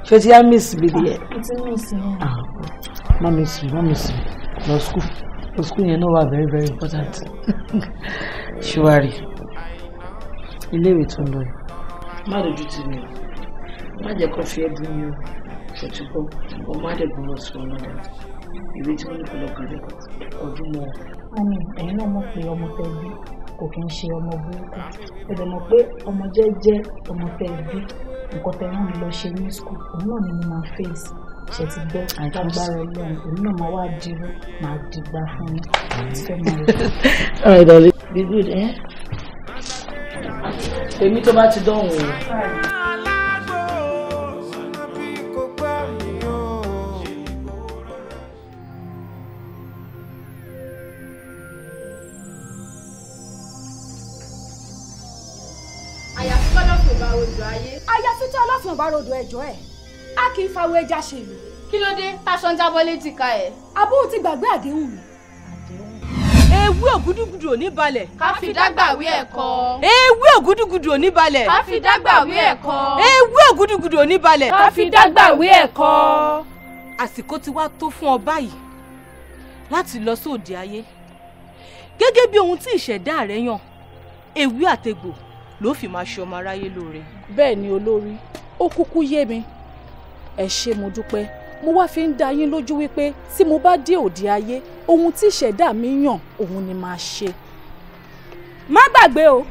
ṣé ti yá miss bi di yẹ. mo ti miss yẹn. Ah, má miss mi má lọ school lọ school yẹn náà wà very very important ṣùwárì iléèwé tó ń lọ yìí má dojú tì mí o má jẹ́ kó fi ẹbí mi o ṣètúkọ́ ọmọ àdẹ̀gùn lọ sí ọmọ dáadáa ìwé tí wọ́n ní kó lọ kàlẹ́ ọdún mọ́. àmì ẹ̀yin náà mọ̀ pé ọmọ fẹ́ bí kò kí ń ṣe ọmọ burúkú ẹ dẹ̀ mọ̀ pé ọmọ jẹ́jẹ́ ọmọ tẹ́ ẹ bí nǹkan tẹ́ rán mi lọ ṣe ní skul òun náà ni mo máa fèsì ṣe ti gbọ́ agbára ọlọ́run òun náà máa wá dirú máa dìgbà fún mi fẹ́ máa lọ. be good ẹ́ eh? èmi tó bá ti dán òun. rodò ẹjọ́ ẹ̀. a kì í fawọ ẹja ṣe mí. kí ló dé taṣọ ń jábọ́ létí ka ẹ̀. abó ti gbàgbé àdéhùn mi. ewé ògúdúgudu ò ní balẹ̀. ká fi dágbà wí ẹ̀kọ́. ewé ògúdúgudu ò ní balẹ̀. ká fi dágbà wí ẹ̀kọ́. ewé ògúdúgudu ò ní balẹ̀. ká fi dágbà wí ẹ̀kọ́. àsìkò ti wá tó fún ọ báyìí láti lọ sóde ayé gẹ́gẹ́ bí ohun tí ìṣẹ̀dá rẹ̀ yàn ewé àtegbò ló fi máa ṣe aráyé lóore. bẹ́ẹ̀ ni olórí ó kúkú yé mi ẹ ṣé mo dúpẹ́ mo wá fi ń dá yín lójú wípé tí mo bá dé òde ayé ohun tí ìṣẹ̀dá mi yàn òun ni màá ṣe. má gbàgbé o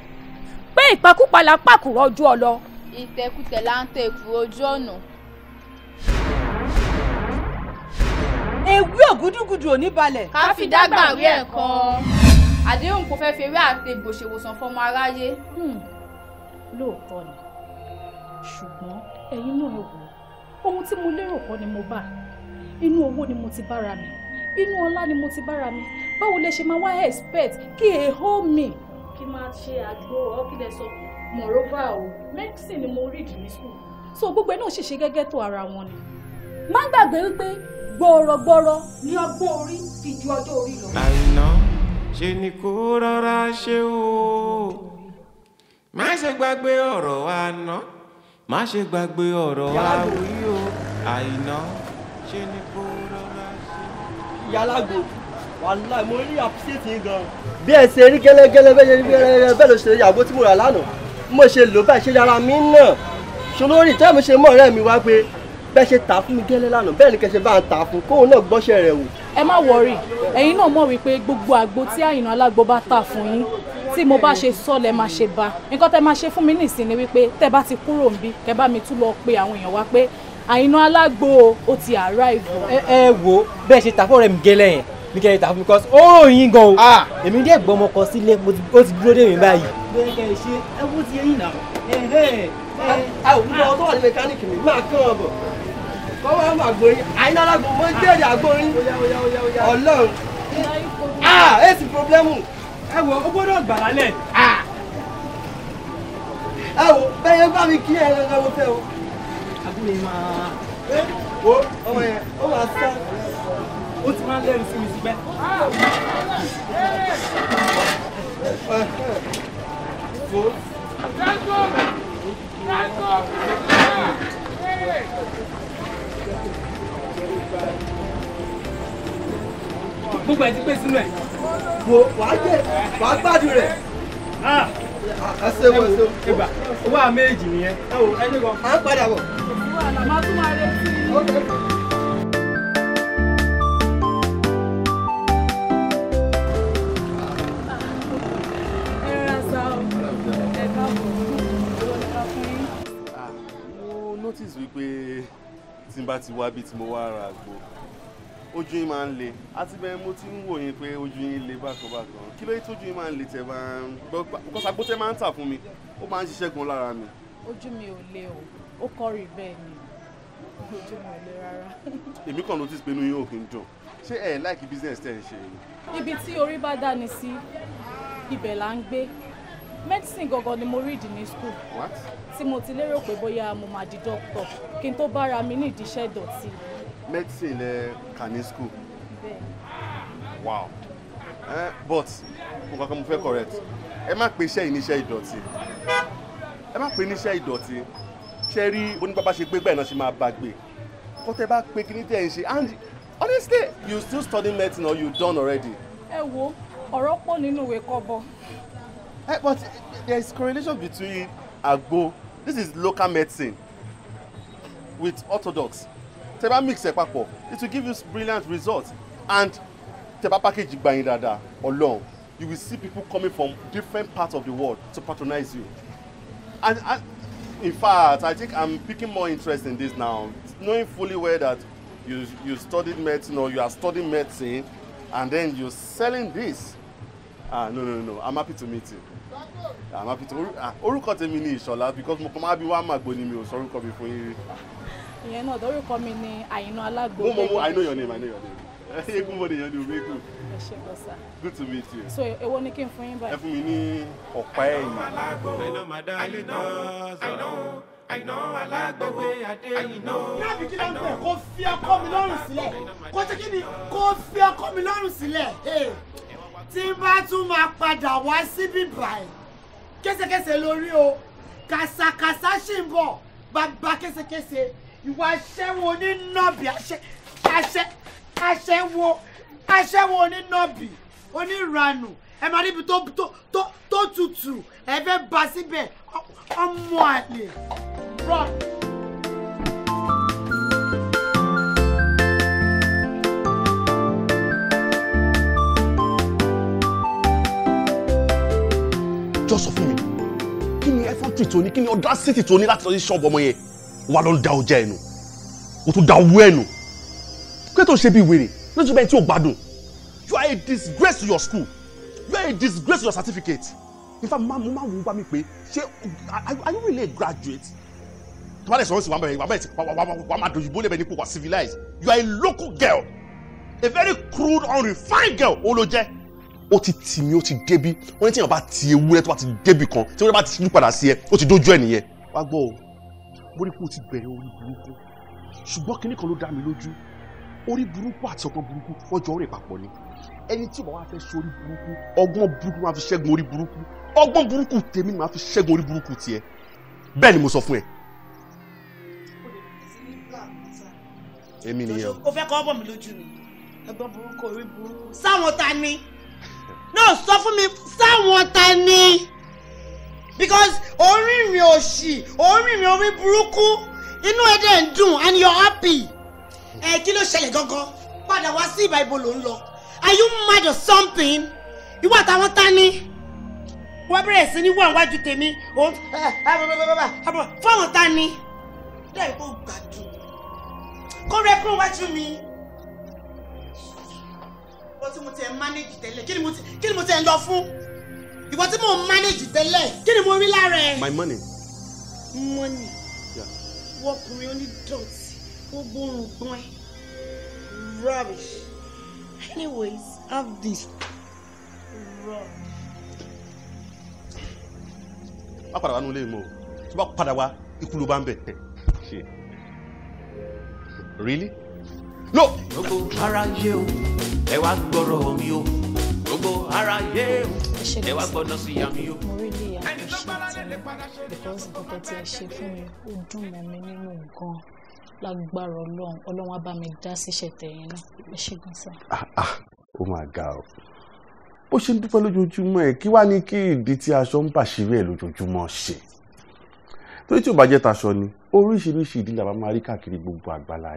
pé ìpakúpa la pàkúrọ̀ ojú ọ lọ. ìtẹ̀kùtẹ̀ la ń tẹ èkúrò ojú ọ̀nà. ewé ògúdúgudu ò ní balẹ̀. ká fi dágbà rí ẹ̀kọ́. àdéhùn kò fẹ́ fi ewé àti egbò ṣèwòsàn fọmọ aráyé. Hmm. lóòótọ́ ni ṣùgbọ́n ẹ̀yin náà ẹ wò ohun tí mo lérò kọ́ ni mo bá inú owó ni mo ti bára mi inú ọlá ni mo ti bára mi báwo lẹ ṣe máa wá expect kí ẹ hó mi. kí máa ṣe àgbo ọkìlẹ sọ mọ̀rọ́bà o medicine ni mo rí ìdí ní school. so gbogbo ẹ náà ṣèṣe gẹ́gẹ́ tó ara wọn ni. má gbàgbé wípé gbọ̀rọ̀gbọ̀rọ̀ ni ọgbọ́n orí fi ju ọjọ́ orí lọ. àìná ṣe ni kó rọra ṣe o má ṣe gbàgbé ọ̀rọ̀ wa náà má ṣe gbàgbé ọ̀rọ̀ àwí o àìná ṣe ni kó rọra ṣe. yálàgò wàláì mo rí àpíṣẹ́tì yín gan. bí ẹ ṣe rí gẹ́lẹ́gẹ́lẹ́ bẹ́ẹ̀ ṣe bẹ́ẹ̀ ló ṣe yàgò tí mo rà lánàá mo ṣe lò báyìí ṣe yàrá mi náà ṣolórí tẹ́ mi ṣe mọ́ ọ̀rẹ́ mi wá pé bẹ́ẹ̀ ṣe tà fún mi gẹ́lẹ́ lánàá bẹ́ẹ̀ ni kẹ́sẹ̀ bá ń tà fún kóun náà gbọ́ṣẹ́ rẹ̀ wò. ẹ má wọrí ẹ̀yin náà mọ̀ wípé gbogbo àgbo tí àyìnà alágbo bá tà fún yín tí mo bá ṣe sọ lẹ máa ṣe bá nǹkan tẹ máa ṣe fún mi nìsín ni wípé tẹ bá ti kúrò níbí kẹ bá mi tún lọ pe àwọn èèyàn wá pé àìná alágbo ó ti arrive. ẹ ẹ wo bẹ́ẹ̀ ṣe tàfọ́ rẹ̀ mi gẹ́lẹ́ yẹn mi kẹ́ ẹ tàfọ́ because ó ròyìn gan o èmi díẹ̀ gbọ́ ọmọ kan sílé ó ti dúró dé mi báyìí. bẹ́ẹ̀ kẹ́ ẹ ṣe ẹ wo ti eyín náà àwùjọ tó wà ní mẹkáníìkì mi máa kàn án bọ̀ kọ́ wá máa gbóyin àyínlá alágbó mọ́ jẹ́rìí àgbóyin ọlọ́run ah èsì pọ́blẹ́mù ẹ wo ó gbọ́dọ̀ gbà lálẹ́. ẹ wo bẹ́ẹ̀ bá mi kí ẹ gẹ́gẹ́ mo fẹ́ o. àbúrò yìí máa. ẹ wo ọmọ yẹn ó máa sá ó ti máa ń lẹ́rù sí mi síbẹ̀. Thank you gbogbo ẹ ti pé sínú ẹ. wo wàá jẹ wàá gbádùn rẹ. àṣewọ àṣewọ. ìgbà owó àmì èjì nìyẹn. ẹ wo ẹni à ń padà bọ̀. Ah, wípé tí n bá ti wá bí tí mo wá ra àgbo ojú yín máa ń le àti bẹ́ẹ̀ mo ti ń wò yín pé ojú yín le bákan bákan kí ló yẹ tójú yín máa ń le tẹ̀ bá ń gbọ́ kọ́sàgbó tẹ́ máa ń tà fún mi ó máa ń ṣiṣẹ́ gan lára mi. ojú mi ò le o ó kọ́ rí bẹ́ẹ̀ ni ojú mi ò le rárá. èmi kàn notice pé inú yín ò kí ń dùn ṣé ẹ láìkí business tẹ̀ ń ṣe yìí. ibi tí orí bá dáni sí ibẹ̀ là ń gbé medicine gangan ni mo read ní school tí mo ti lérò pé bóyá mo máa di doctor kí n tó bára mi nídìí iṣẹ́ ìdọ̀tí medicine lẹ kà school. wow eh, but nǹkan kan mo fẹ́ correct ẹ má pe iṣẹ́ ìníṣẹ́ ìdọ̀tí ẹ má pe níṣẹ́ ìdọ̀tí ṣe rí onípápá ṣe gbé bẹ́ẹ̀ náà ṣe máa bá gbé kọ́tẹ́ bá pé kí tẹ̀ ń ṣe and honestly you still study medicine or you done already. ẹ wo ọ̀rọ̀ pọ̀ nínú ìwé kọ́bọ. but there is correlation between agbo this is local medicine with orthodox tẹ bá mix ẹ̀ papọ̀ it will give you brilliant results and tẹ bá package gbà dáadáa ọlọ́run you will see people coming from different parts of the world to patronize you and, and in fact i think i'm picking more interest in this now knowing fully well that you you studied medicine or you are studying medicine and then you selling this ah no no no i'm happy to meet you i'm happy to orúkọ tèmi ni ìṣọlá because mo kàn máa bí wàá màgbó ni mi ò sọ orúkọ mi fún yín rí ìyẹn náà lórúkọ mi ni àyínú alágbó. mo mọ mo I know your name I know your name eégún bọ́dé yẹn ni omi kù. ẹ ṣe lọ sá. good to meet you. so èwo ni kí n fún yín báyìí. tí bá tún máa padà wá síbí báyìí késekése lórí o kàsàkàsà ṣì ń bọ̀ bàbá késekése ìwà aṣẹ́wó ní nọ́ọ̀bì aṣẹ́ aṣẹ́ aṣẹ́wó aṣẹ́wó ní nọ́ọ̀bì oníranù ẹ máa níbi tó tó tó tutù ẹ fẹ́ bá síbẹ̀ ọmọ àlè rọ́ọ̀bì. jọ sọ fún mi kí ni effort tó ní kí ni audacity tó ní láti lọ sí ṣọ́ọ̀bù ọmọ yẹn wà ló ń da ọjà ẹnu o tún da owó ẹnu kí ló tó ń ṣe bí wèrè lójú bẹ́ẹ̀ tí o gbádùn you are a disgrace to your school you are a disgrace to your certificate in fact mo máa wo bá mi pé ṣé are you really a graduate tó bá lè sọ̀rọ̀ sí wàá bẹ̀rẹ̀ wàá bẹ̀rẹ̀ wàá máa dojú bólé bẹ̀ nípò wà civilized you are a local girl a very crude unrefined girl ó ló jẹ́ ó ti tì mí ó ti débi wọ́n ní tí èèyàn bá ti ewúrẹ́ tó bá ti débi kan tí wọ́n bá ti ṣíjú padà sí ẹ ó ti dójú ẹ̀ nìyẹn wàá gbọ́ o mo rí o ti bẹ̀rẹ̀ orí burúkú ṣùgbọ́n kinní kan ló dá mi lójú orí burúkú àti ọgbọ́n burúkú wọ́n jọ papọ̀ ni ẹni tí wọ́n wá fẹ́ sórí burúkú ọgbọ́n burúkú máa fi ṣẹ́gun orí burúkú ọgbọ́n burúkú tèmi máa fi ṣẹ́gun orí burúkú tiẹ̀ bẹ́ẹ̀ ni mo sọ fún ẹ. èmi nìyẹn o. o fẹ́ kọ́ bọ̀ mí lójú mi ọgbọ́n burúkú orí burúkú sáwọn ta ni náà sọ fún mi sáwọn ta ni because orínrin òṣì orínrin orí burúkú inú ẹ e dẹ̀ ń dùn and you're happy. ẹ eh, kí ló ṣẹlẹ̀ gangan padà wá sí ìbá ibo ló ń lọ are you mad or something ìwọ àtàwọn ta ni wọ́n bẹ̀rẹ̀ sí ní wọ́n wájú tèmi òun eh, eh, fọ́ọ̀n ta ni dẹ́ ìbò gbàdùn kó rẹ kúrò wájú mi wọ́n tí mo ti ẹ̀ manage tẹ́lẹ̀ kí ni mo ti ẹ̀ ń lọ fún ìwọ tí mò ń manage tẹ́lẹ̀ kí ni mo rí lára ẹ. my money. money. wọ́n ọkùnrin onídọ̀tí ó gbóòórùn gbọ́n ẹ rubbish anyways have this wọ́n padà wá nulẹ̀ mọ́ tí wọ́n padà wá ikú ló bá ń bẹ̀. really? no. lóko ara yé o ẹ wá gbọ́rọ̀ mi o gbogbo aráyé ẹ wá gbọ́dọ̀ sí àmì yó. mo rí bí àmì ṣe tẹ̀lé because nǹkan tí ẹ ṣe fún mi ó dùn mọ́ mi nínú nǹkan lágbára ọlọ́run ọlọ́run á bá mi dá síṣẹ́ tẹ̀yìn náà ẹ ṣe gan sá. Ah, ah, ó máa ga o bó ṣe ń dúpẹ́ lójoojúmọ́ ẹ̀ kí wàá ní kí ìdí tí aṣọ ń bàṣírí ẹ̀ lójoojúmọ́ ṣe torí tí ò bá jẹ́ taṣọ ni oríṣiríṣi ìdílé àbá máa gbogbo àgbàlá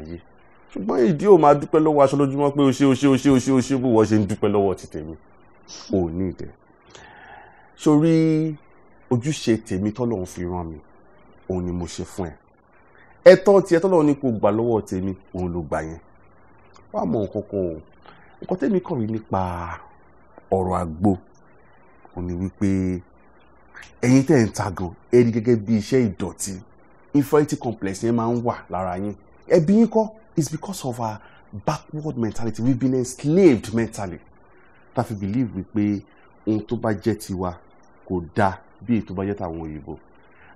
ṣùgbọ́n ìdí ò máa dúpẹ́ lọ́wọ́ aṣọ lójúmọ́ pé o ṣe o ṣe o ṣe o ṣe o ṣe bó wọ́n ṣe ń dúpẹ́ lọ́wọ́ ti tèmi ò ní ìdẹ́ sórí ojúṣe tèmi tọ́lọ́run fi rán mi òun ni mo ṣe fún ẹ ẹ̀tọ́ tiẹ̀ tọ́lọ́run ni kò gbà lọ́wọ́ tèmi òun ló gbà yẹn wàá mọ nǹkan nǹkan tèmi kàn rí nípa ọ̀rọ̀ àgbo òun ni wípé ẹ̀yin tẹ̀ ń ta gan ẹ̀rí gẹ́gẹ́ bí iṣẹ́ ìdọ̀tí inferiority complex yẹn máa ń wà lára yín ẹbí yín kọ́ It's because of our backward mentality. We've been enslaved mentally. That we believe we pay on to jẹ́ tiwa kò da. bí to tó bá jẹ́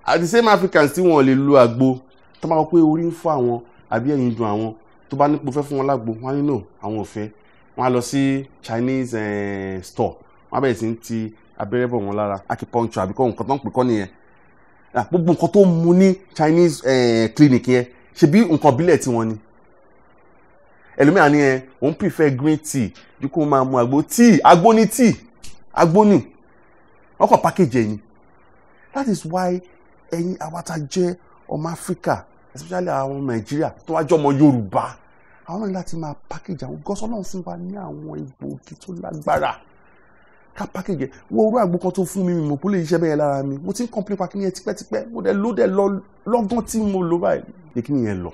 At the same Africans still wọ́n lè lo agbo. tó máa pé orí ń fọ́ àwọn àbí ẹ̀yìn dùn àwọn tó bá nípò fẹ́ fún wọn lágbo wọn á nínú àwọn òfẹ́ wọn á Chinese eh, store wọn á bẹ̀rẹ̀ sí ti abẹ́rẹ́ bọ̀ wọn lára acupuncture àbí kọ́ nǹkan tó ń pè kọ́ nìyẹn ah, gbogbo nǹkan tó mu ní Chinese eh, clinic yẹn ṣebí nǹkan bílẹ̀ tiwọn ni ẹlòmíràn ni ẹ òun prefer green tea ju kó máa mu àgbo tea àgbo ni tea àgbo ni wọ́n kàn package ni that is why ẹ̀yin àwa tá jẹ́ ọmọ Áfíríkà especially àwọn ọmọ Nàìjíríà tó wá jọmọ Yorùbá àwọn náà láti máa package àwọn gọ́sọ́ náà fún wa ní àwọn egbòogi tó lágbára ká package wo orú àgbo kan tó fún mi mo kò lè ṣiṣẹ́ bẹ́ẹ̀ lára mi mo ti ń complete pa kí ni yẹn tipẹ́tipẹ́ mo dẹ̀ ló dẹ̀ lọ lọ́gán tí mo lò báyìí kí ni yẹn lọ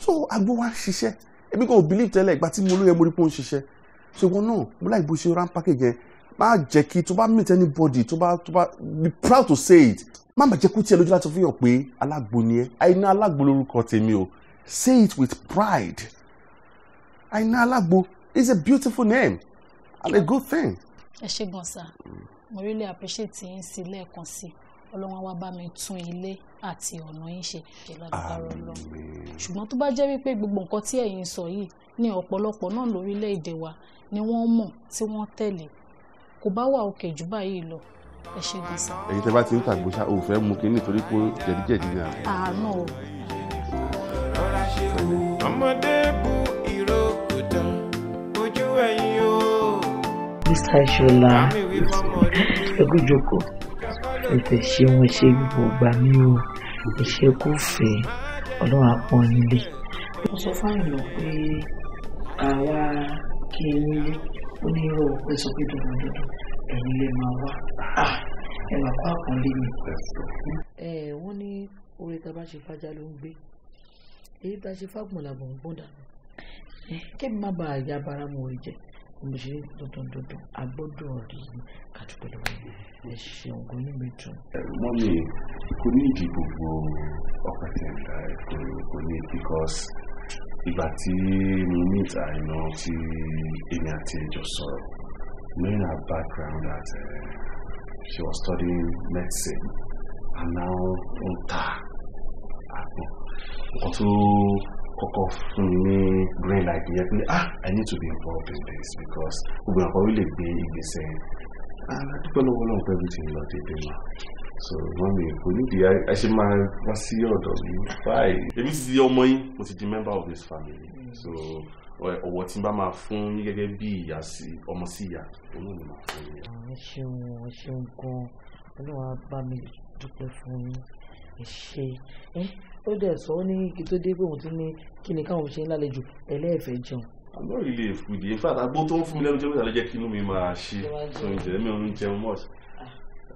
so agbo wa ń ṣiṣẹ́ èmi kò believe tẹ́lẹ̀ ìgbà tí mo lóye mo rí pé ó ń ṣiṣẹ́ so ìwọ náà mo láì bó ṣe rán package yẹn má jẹ́ kí tó bá meet anybody tó bá tó bá be proud to say it má má jẹ́ kó tiẹ̀ lójú láti fi hàn pé alágbo ni ẹ́ àìná alágbo lórúkọ tèmi o say it with pride àìná alágbo is a beautiful name and a good thing. ẹ ṣé gan sir mo really appreciate yín sí lẹ́ẹ̀kan sí i ọlọ́run wa bá mi tún ilé àti ọ̀nà yín ṣe lágbára ọlọ́run ṣùgbọ́n tó bá jẹ́ wípé gbogbo nǹkan tí ẹ̀yin sọ yìí ní ọ̀pọ̀lọpọ̀ náà lórílẹ̀‐èdè wa ni wọ́n mọ̀ tí wọ́n tẹ̀lé kò bá wà òkè jù báyìí lọ ẹ ṣe gbèsè. èyí tẹ bá ti ń tàgbó ṣá o fẹ́ mú kí nítorí pé jẹ̀díjẹ̀dí ni àná. àánú o. ọmọdé bu ìrókù dán ojú ẹ̀yìn o. Mr. Shola ẹ ẹbẹ̀ ṣe wọn ṣe gbogbo ọgbà mi o ìṣekúfẹ̀ẹ́ ọlọ́run apọ̀ nílé. mo sọ fáìlì pé àwa kí n nílé ó ní irọ́ òkú sọ pé dandan dandan ẹ̀yin lè máa wá ẹ máa kó àpọ́nlé mi. ẹ wọ́n ní orí ta bá ṣe fájá ló ń gbé èyí ta ṣe fágbọ̀n làbọ̀ ń gbọ́n dànù kébì má bàa yá bara mọ́ orí jẹ mo ṣe dandandandan a gbọ́dọ̀ ẹ ṣeun gan ní mi dùn. mọ́mí kò ní ìdí gbogbo ọ̀pẹ tẹ̀lé kò ní because ìgbà tí mo meet àìná tí èmi àti ìjọ sọ̀rọ̀ knowing her background that uh, she was studying medicine and now ó ń ta àpò nǹkan tó kọ́kọ́ fún ní green light yẹ pé ah i need to be involved in this because gbogbo ẹ̀kọ́ ó lè gbé ìgbésẹ̀ aládùúgbò ah, lọ́wọ́ náà pẹ̀lú ti lọ dédé mà so wọ́n mi kò nídìí ẹ ṣe máa wá sí ọ̀dọ̀ mi báyìí. èmi ti di ọmọ yín mo ti di member of this family so ọ̀wọ̀ tí n bá máa fún yín gẹ́gẹ́ bí ìyá sí ọmọ sí ìyá òun ò ní máa fún yín. ẹ ṣeun ẹ ṣeun gan-an olúwa bá mi dúpẹ́ fún yín ẹ ṣe ẹ ó dẹ̀ sọ ní kí tó dé pé òun ti ní kí ni káwọn ṣe ń lálejò ẹlẹ́ẹ̀fẹ́ jẹun. I'm not really a foodie in fact agbó tó ń fún mi lẹ́nu jẹ́ pé àlejò kí inú mi máa ṣe sọ ìjẹ́ mi ò ń jẹun mọ́.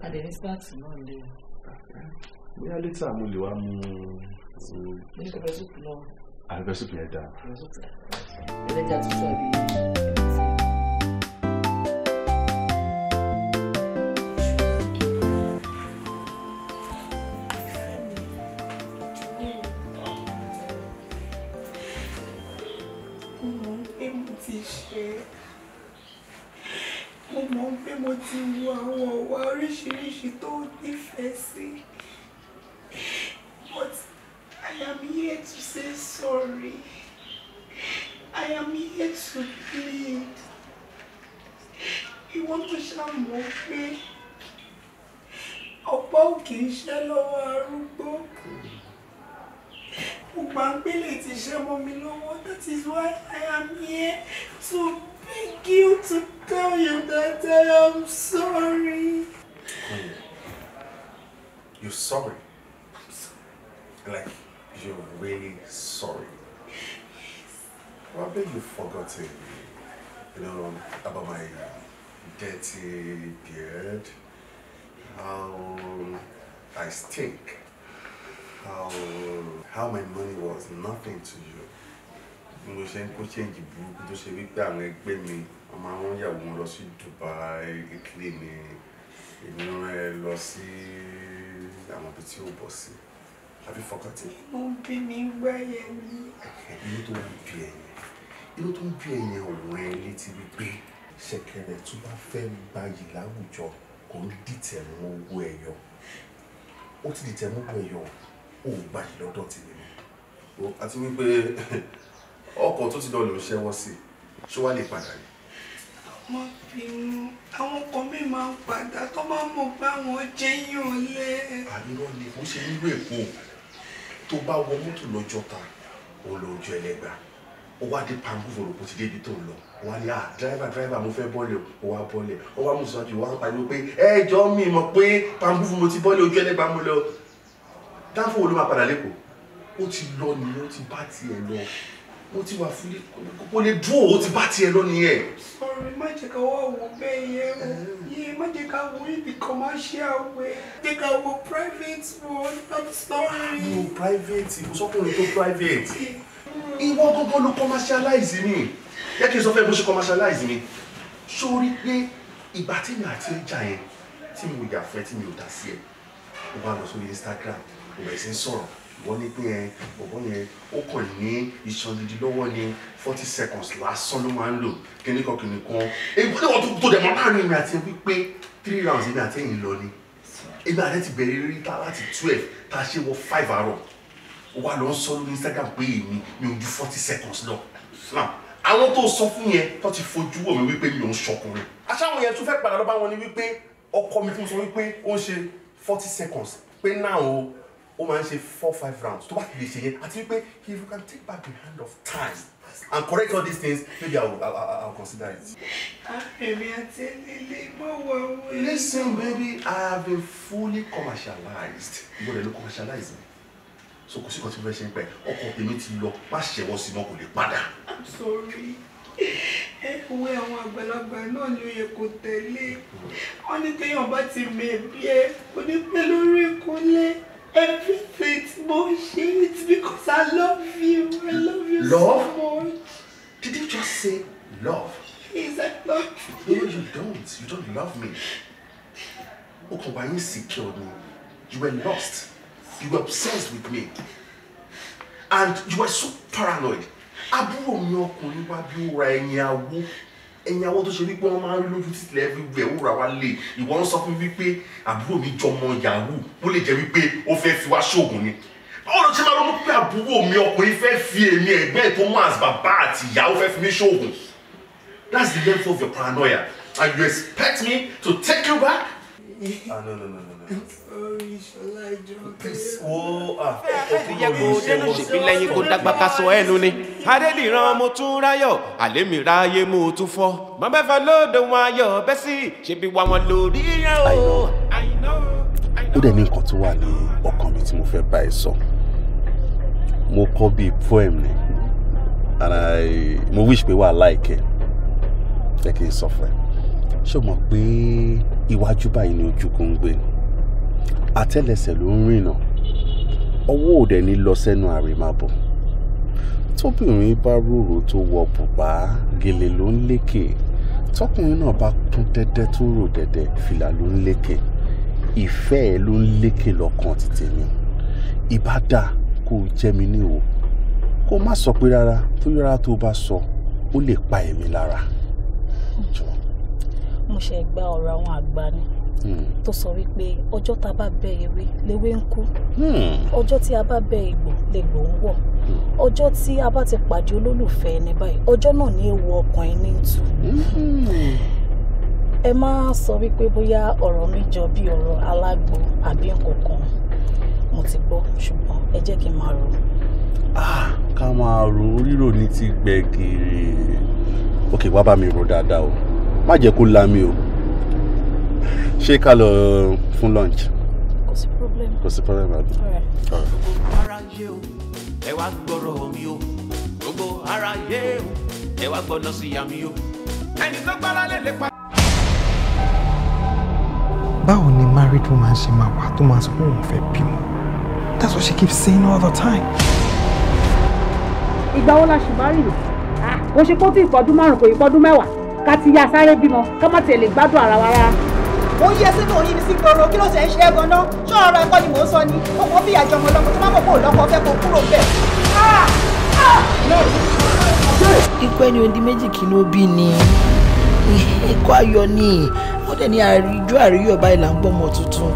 adẹni ah, snacks náà lè. bóyá lítà mo lè wá mú. ní ìfẹ́ súpù náà. àgbẹ̀ súpù yẹn dáa. ẹlẹ́jà tó sọ àbí. oríṣiríṣi tó nífẹ̀ẹ́ sí but I am here to say sorry I am here to plead You tó ṣàmọ̀ pé ọ̀pọ̀ ò kì í ṣẹ́ lọ́wọ́ arúgbó gbogbo àgbélé ti ṣẹ́ mọ́ mi lọ́wọ́ that is why I am here to beg you to tell you that I am sorry. Mm. You're sorry. sorry. Like, you're really sorry. Probably you've forgotten, you know, about my dirty beard, how I stink, how how my money was nothing to you. mo ṣe ń kó ṣéǹjì burúkú tó ṣe wípé àwọn mi ọmọ àwọn ìyàwó wọn lọ sí Dubai Italy èmi rán ẹ lọ sí àwọn ibi tí ó bọ̀ sí àbí fọkàntì. inú bí mi gbẹ́yẹ mi. inú tó ń bí ẹyẹ inú tó ń bí ẹyẹ ọ̀wọ́n ẹ létí wípé ṣẹ̀kẹ̀rẹ̀ tó bá fẹ́ gbayì láwùjọ kò ń dìtẹ̀ mú owó ẹyọ ó ti dìtẹ̀ mú owó ẹyọ ó gbayì lọ́dọ̀ tèmi. àti wípé ọkọ̀ tó ti dọ̀lù ń ṣẹ́wọ́ sí ṣé wàá lè padà yìí má bínú àwọn kan mi máa ń padà tó máa mọ̀ pé àwọn jẹ́yàn lẹ. àníwọ̀n ni mo ṣe nílò èkó tó bá wọ mọ́tò lọ́jọ́ ta ó lọ ojú ẹlẹ́gbàá ó wá dé pankovo lòkùn ti débi tó ń lọ wá ní à ah, dráìvà dráìvà mo fẹ́ bọ́ọ̀lì ó wá bọ́ọ̀lì ó wá mùsùlùmí wá pariwo pé ẹ jọ mi mọ̀ pé pankovo mo ti bọ́ọ̀lì ojú ẹlẹ́gbàá mo lọ dáfọ̀ wo ló máa padà lẹ́kọ̀ọ́ ó ti lọ nìyẹn ó ti bá tiẹ̀ lọ mo ti wà fúlé kò lè dúró o ti bá tiẹ̀ lọ nìyẹn. sọ̀rọ̀ má jẹ́ ká wá wo bẹ́ẹ̀ yẹn o yé má jẹ́ ká wo ibi commercial way jẹ́ ká wo private one i'm sorry. mo private mo sọkùnrin tó private ìwọ gbogbo ló commercialize mi yẹ kí n sọ fẹ́ bó ṣe commercialize mi sórí pé ìgbà tí mi àti ìjà yẹn tí mi ò yà fẹ́ tí mi ò dá sí ẹ̀ mo bá lọ sórí Instagram mo bẹ̀rẹ̀ sí sọ̀rọ̀ wọ́n ní pé ẹ bọ̀bọ̀ yẹn ó kàn ní iṣan gidi lọ́wọ́ ni forty seconds lásán ló máa ń lò kíní kan kíní kan èyí pé wọ́n tó tó dẹ̀ mọ́ láàrin mi àti wípé three rounds èmi àti ẹ̀yìn lọ ni èmi àti ti bẹ̀rẹ̀ rí ta láti twelve ta ṣe wọ five àárọ̀ wà lọ sọ lórí Instagram pé èmi mi ò ju forty seconds lọ àwọn tó sọ fún yẹn tó ti fojú wò mí wípé mi ò ń ṣọkùnrin aṣáwọn yẹn tún fẹ́ padà lọ bá wọn ni wípé ọkọ mi fún mi sọ wípé ó ń ṣe forty seconds pé náà o ó máa ń ṣe four five rounds tó bá ti lè ṣe yẹn àti wípé if you can take back the hand of time and correct all these things maybe i will i will, I will consider it. àpèmí àti lílé mọ́ wọ owó. listen baby i have been fully commercialized ìwọ rẹ ló commercialize me so kò sí kan tí mo fẹ́ ṣe ń pẹ́ ọkọ tèmi ti lọ má ṣẹ̀wọ́ sí mọ́ kò lè padà. i'm sorry ìwé àwọn àgbàlagbà náà ni ó yẹ tẹ̀lé wọ́n ní téèyàn bá ti mẹ̀ẹ́bí ẹ kò ní pẹ́ lórí ìkúnlẹ̀ everything mo bullshit. it's because I love you I love you love? so much. Did you just say love? Yes, I love you. No, you don't. You don't love me. O kàn wá insecure ni. You were lost. You were obsessed with me. And you were so paranoid. Àbúrò mi ọkùnrin wá bí ó ra ẹ̀yin tó ṣe wípé wọ́n máa ń lójú títìlẹ̀ everywhere wúra wa lè ìwọ ń sọ fún wípé àbúrò mi jọmọ yahoo ó lè jẹ́ wípé ó fẹ́ fi wá ṣoògùn ni báwo ló ṣe máa ronú pé àbúrò mi ọkùnrin fẹ́ fi èmi ẹ̀gbẹ́ thomas bàbá àti ìyá fẹ́ fi mí ṣoògùn that's the level of your paranoia and you expect me to take you back. ah no no no no no wo òkúlòlùsẹ̀ wo ṣèbí lẹ́yìn kó dágbàká sọ ẹnu ni. adédìran mo tún ráyọ̀ àlẹ́ mi ráyé mo tún fọ́. mọ̀mẹ́fà lóde wọn ayọ̀ bẹ́ẹ̀ sì ṣèbí wa wọn lórí yẹn o. ó dẹ̀ ní nǹkan tó wà ní ọkàn mi tí mo fẹ́ bá ẹ sọ mo kọ bíi poem ni and I mo wish pé wàá like ẹ jẹ́ kí n sọ fún ẹ ṣé o mọ̀ pé iwájú báyìí ni ojú kò ń gbé ni àtẹ́lẹsẹ̀ ló ń rìnà ọwọ́ òde ní lọ sẹ́nu àrèmábọ̀ tóbìnrin bá rúurú tó wọ bùbá gèlè ló ń lékè tọkùnrin náà bá kún dẹ́dẹ́ tó rò dẹ́dẹ́ fìlà ló ń lékè ìfẹ́ ẹ ló ń lékè lọ́kàn ti tèmi ìbá dáa kó o jẹ́ mi ní o kó o má sọ pé rárá tó yára tó o bá sọ ó lè pa èmi lára. mo ṣe gba ọ̀rọ̀ àwọn àgbà ni. Hmm. tó sọ wípé ọjọ́ tá a bá bẹ ewé lewé ń kú hmm. ọjọ́ tí a bá bẹ egbò legbò ń wọ̀ hmm. ọjọ́ tí a bá ti pàdé olólùfẹ́ ẹni báyìí ọjọ́ náà ni ewu ọkàn ẹni ń tu ẹ má sọ wípé bóyá ọ̀rọ̀ mi jọ bí ọ̀rọ̀ alágbo àbí nǹkankan mo ti gbọ́ ṣùgbọ́n ẹ jẹ́ kí n máa rò. Ah, ká máa rò rírò ní ti gbẹ̀gìrì òkè wá bá mi rò dáadáa o má jẹ́ kó lami o ṣé ká lọ lunch. kò sí problem. kò sí problem àbí. gbogbo aráyé o ẹ wá gbọ́rọ̀ mi o gbogbo aráyé o ẹ wá gbọ́dọ̀ sí àmì o ẹni tó gbára lè lè pa. báwo ni married woman ṣe máa wà tó máa sọ pé òun fẹ́ bímọ that's what she keeps saying all the time. ìgbà wo la ṣùgbọ́n rí i ah, ó ṣe kó tí ìpọ́dún márùn-ún kò ìpọ́dún mẹ́wàá ká ti yá sáré bímọ ká má tiẹ̀ lè gbádùn ara wa rárá mo ń yẹ sínú òyìn mi sí gbòòrò kí ló ṣe ń ṣe é ganan ṣọ́ọ̀rọ̀ rẹ kọ́ ni mò ń sọ ni mo mọ bí àjọ ọmọ ọlọ́mọ tó má mọ̀ pé òlọ́kọ fẹ́ kó kúrò bẹ́ẹ̀. ikú ẹni odi méjì kí ló bí ni ikú ayọ̀ ni ó dẹ̀ ní àríjọ àríyọ̀ báyìí là ń gbọ́mọ tuntun.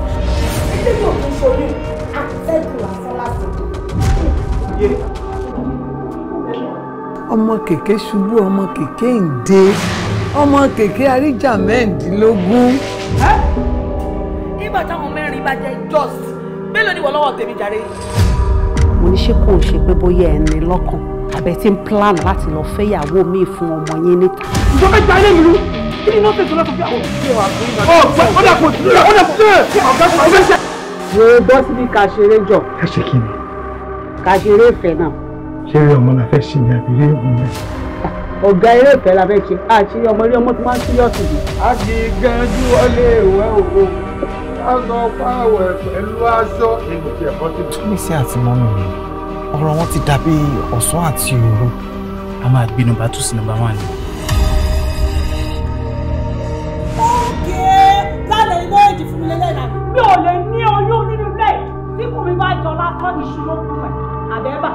ọmọ kèké ṣubú ọmọ kèké ń dé ọmọ kèké àríjà mẹ́ẹ̀ẹ́dínlógún nígbà táwọn mẹ́rin bá jẹ́ jọ́s mélòó ni wọ́n lọ́wọ́ tèmi jàre. mo ní ṣé kò ṣe pé bóyá ẹ ní lọ́kàn àbẹ̀ tí ń plan láti lọ fẹ́yàwó mi fún ọmọ yín níta. ìjọba ìgbà ilé mi ló kí ni náà tẹ̀sán láti fi àwọn òṣìṣẹ́ wa fún ìgbà. ọ̀gbẹ́ ọ̀dà kò sí ọ̀dà kò sí ọ̀gá kò sí. mo bọ́ síbi ká ṣeré jọ. ká ṣe kí ni. ká ṣeré ìfẹ́ náà. ṣeré ọmọ la fẹ́ ṣe ni àbí rí ìwọ̀n mẹ́rin ọ̀gá eré ìfẹ́ la fẹ́ ṣe àti ọmọ ilé ọmọ tó máa ń ṣíyọ̀ sí i. a kì í gẹ́jú ọlé ìwẹ́ òkú a sọ fáwọ̀ pẹ̀lú aṣọ èdè ẹ̀fọ́ ti. túmísì àti mọ́mì mi ọ̀rọ̀ wọn ti dàbí ọ̀sán àti òru a máa gbé nọ́mbà two sí nọ́mbà one. ókè lálẹ́ ilé èjì fún mi lélẹ̀ náà mi ò lè ní oyún nínú ilé tí kò mi bá jọ lásán ìṣúná fún ẹ̀ àbẹ́bà.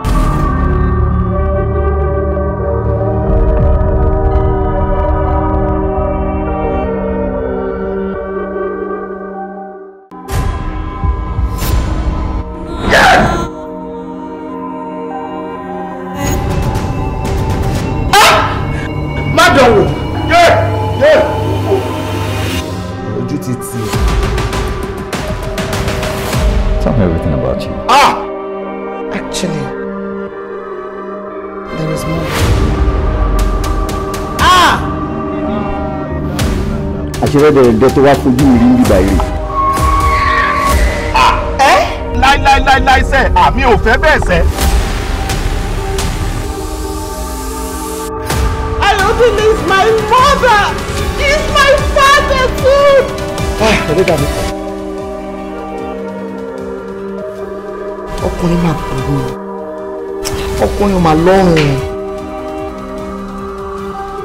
ṣe rẹ́dẹ̀rẹ́dẹ́ tó wá fojú rí rí báyìí. Ah, ẹ láíláíláí sẹ àmì ah, ò fẹ́ bẹ́ẹ̀ sẹ. Ayọ̀délé is my mother he is my father too. Ah, ẹ̀rẹ́ dàbí. ọkùnrin máa kúrú ọkùnrin máa lọ́rùn.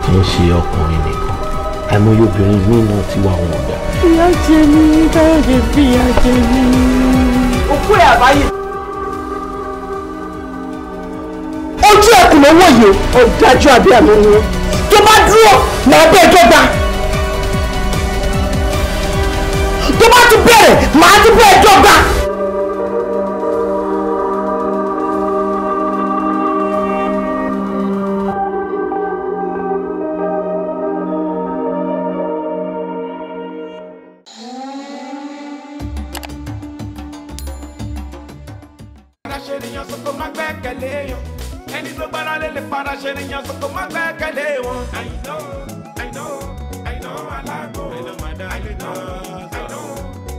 kì ṣe ọkùnrin nìkan àìmọye obìnrin mi náà ti wà wọn ọ̀dà. ìyá jẹ mí káyọ̀dé bí ìyá jẹ mí. òkú ẹ̀ àbáyé. ojú ẹkùn ló wòye ọ̀dájú abẹ́ àmì ni tó bá dúró máa bẹ́ẹ̀ dọ́gba tó bá tún bẹ̀rẹ̀ máa tún bẹ́ẹ̀ dọ́gba. sọ́kò má gbẹ́kẹ̀lé yàn ẹni tó gbára lè lè padà ṣe ni yàn sọ́kò má gbẹ́kẹ̀lé wọn. àìná àìná àìná alágbó àìná àìná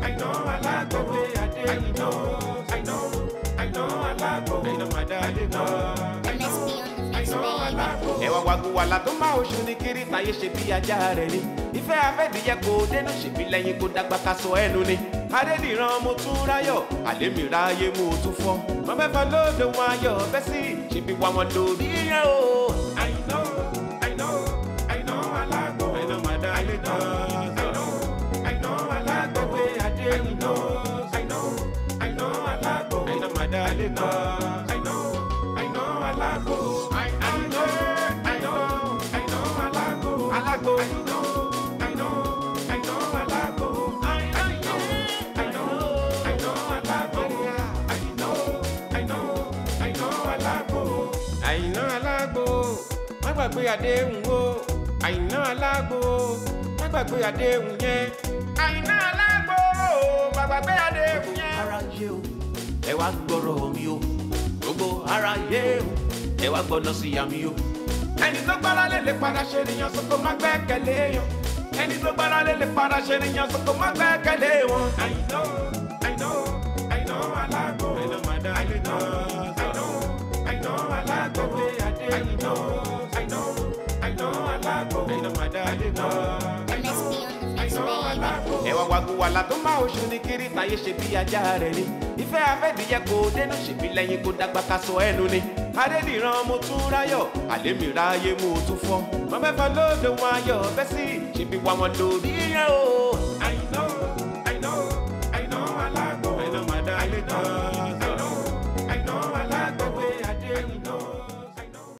àìná alágbó àìná àìná àìná alágbó àìná àìná alágbó. ẹ̀wà wàgùwàlà tó máa oṣù ní kiri tàyè ṣe bí ajá rẹ̀ ni ìfẹ́ afẹ́dìyẹ kò dénú ṣèbí lẹ́yìn kó dàgbà ká sọ ẹnu ni adédìran mo tún ráyọ̀ àlémìráyé mo tún fọ́ mọ̀mẹ́fà lóde wọn ayọ̀ bẹ́sì ṣèbí wa wọn lórí yẹn o. gbàgbé àdéhùn o àìná alágbo má gbàgbé àdéhùn yẹn àìná alágbo má gbàgbé àdéhùn yẹn. aráyé o ẹ wá gbọ́rọ̀ mi o gbogbo aráyé o ẹ wá gbọ́nà sí àmì o. ẹni tó gbára lè lè padà ṣe ènìyàn sọ́kò má gbẹ́kẹ̀lé yàn ẹni tó gbára lè lè padà ṣe ènìyàn sọ́kò má gbẹ́kẹ̀lé wọn. àìná àìná àìná alágbo àìná àìná àìná alágbo àìná ẹwà wàgùwàlà tó máa oṣù ní kiri táyé ṣe bí ajá rẹ ni ìfẹ́ afẹ́dìyẹ kò dénú ṣèbí lẹ́yìn kó dàgbà ká sọ ẹnu ni adédìran mo tún ráyọ̀ àlémìráyé mo tún fọ́ mo fẹ́ fọ́ lóde wọn ayọ̀ bẹ́ẹ̀ sì ṣèbí wa wọn lórí yẹn o. àìná àìná àìná alágbó àìná màdá àìná.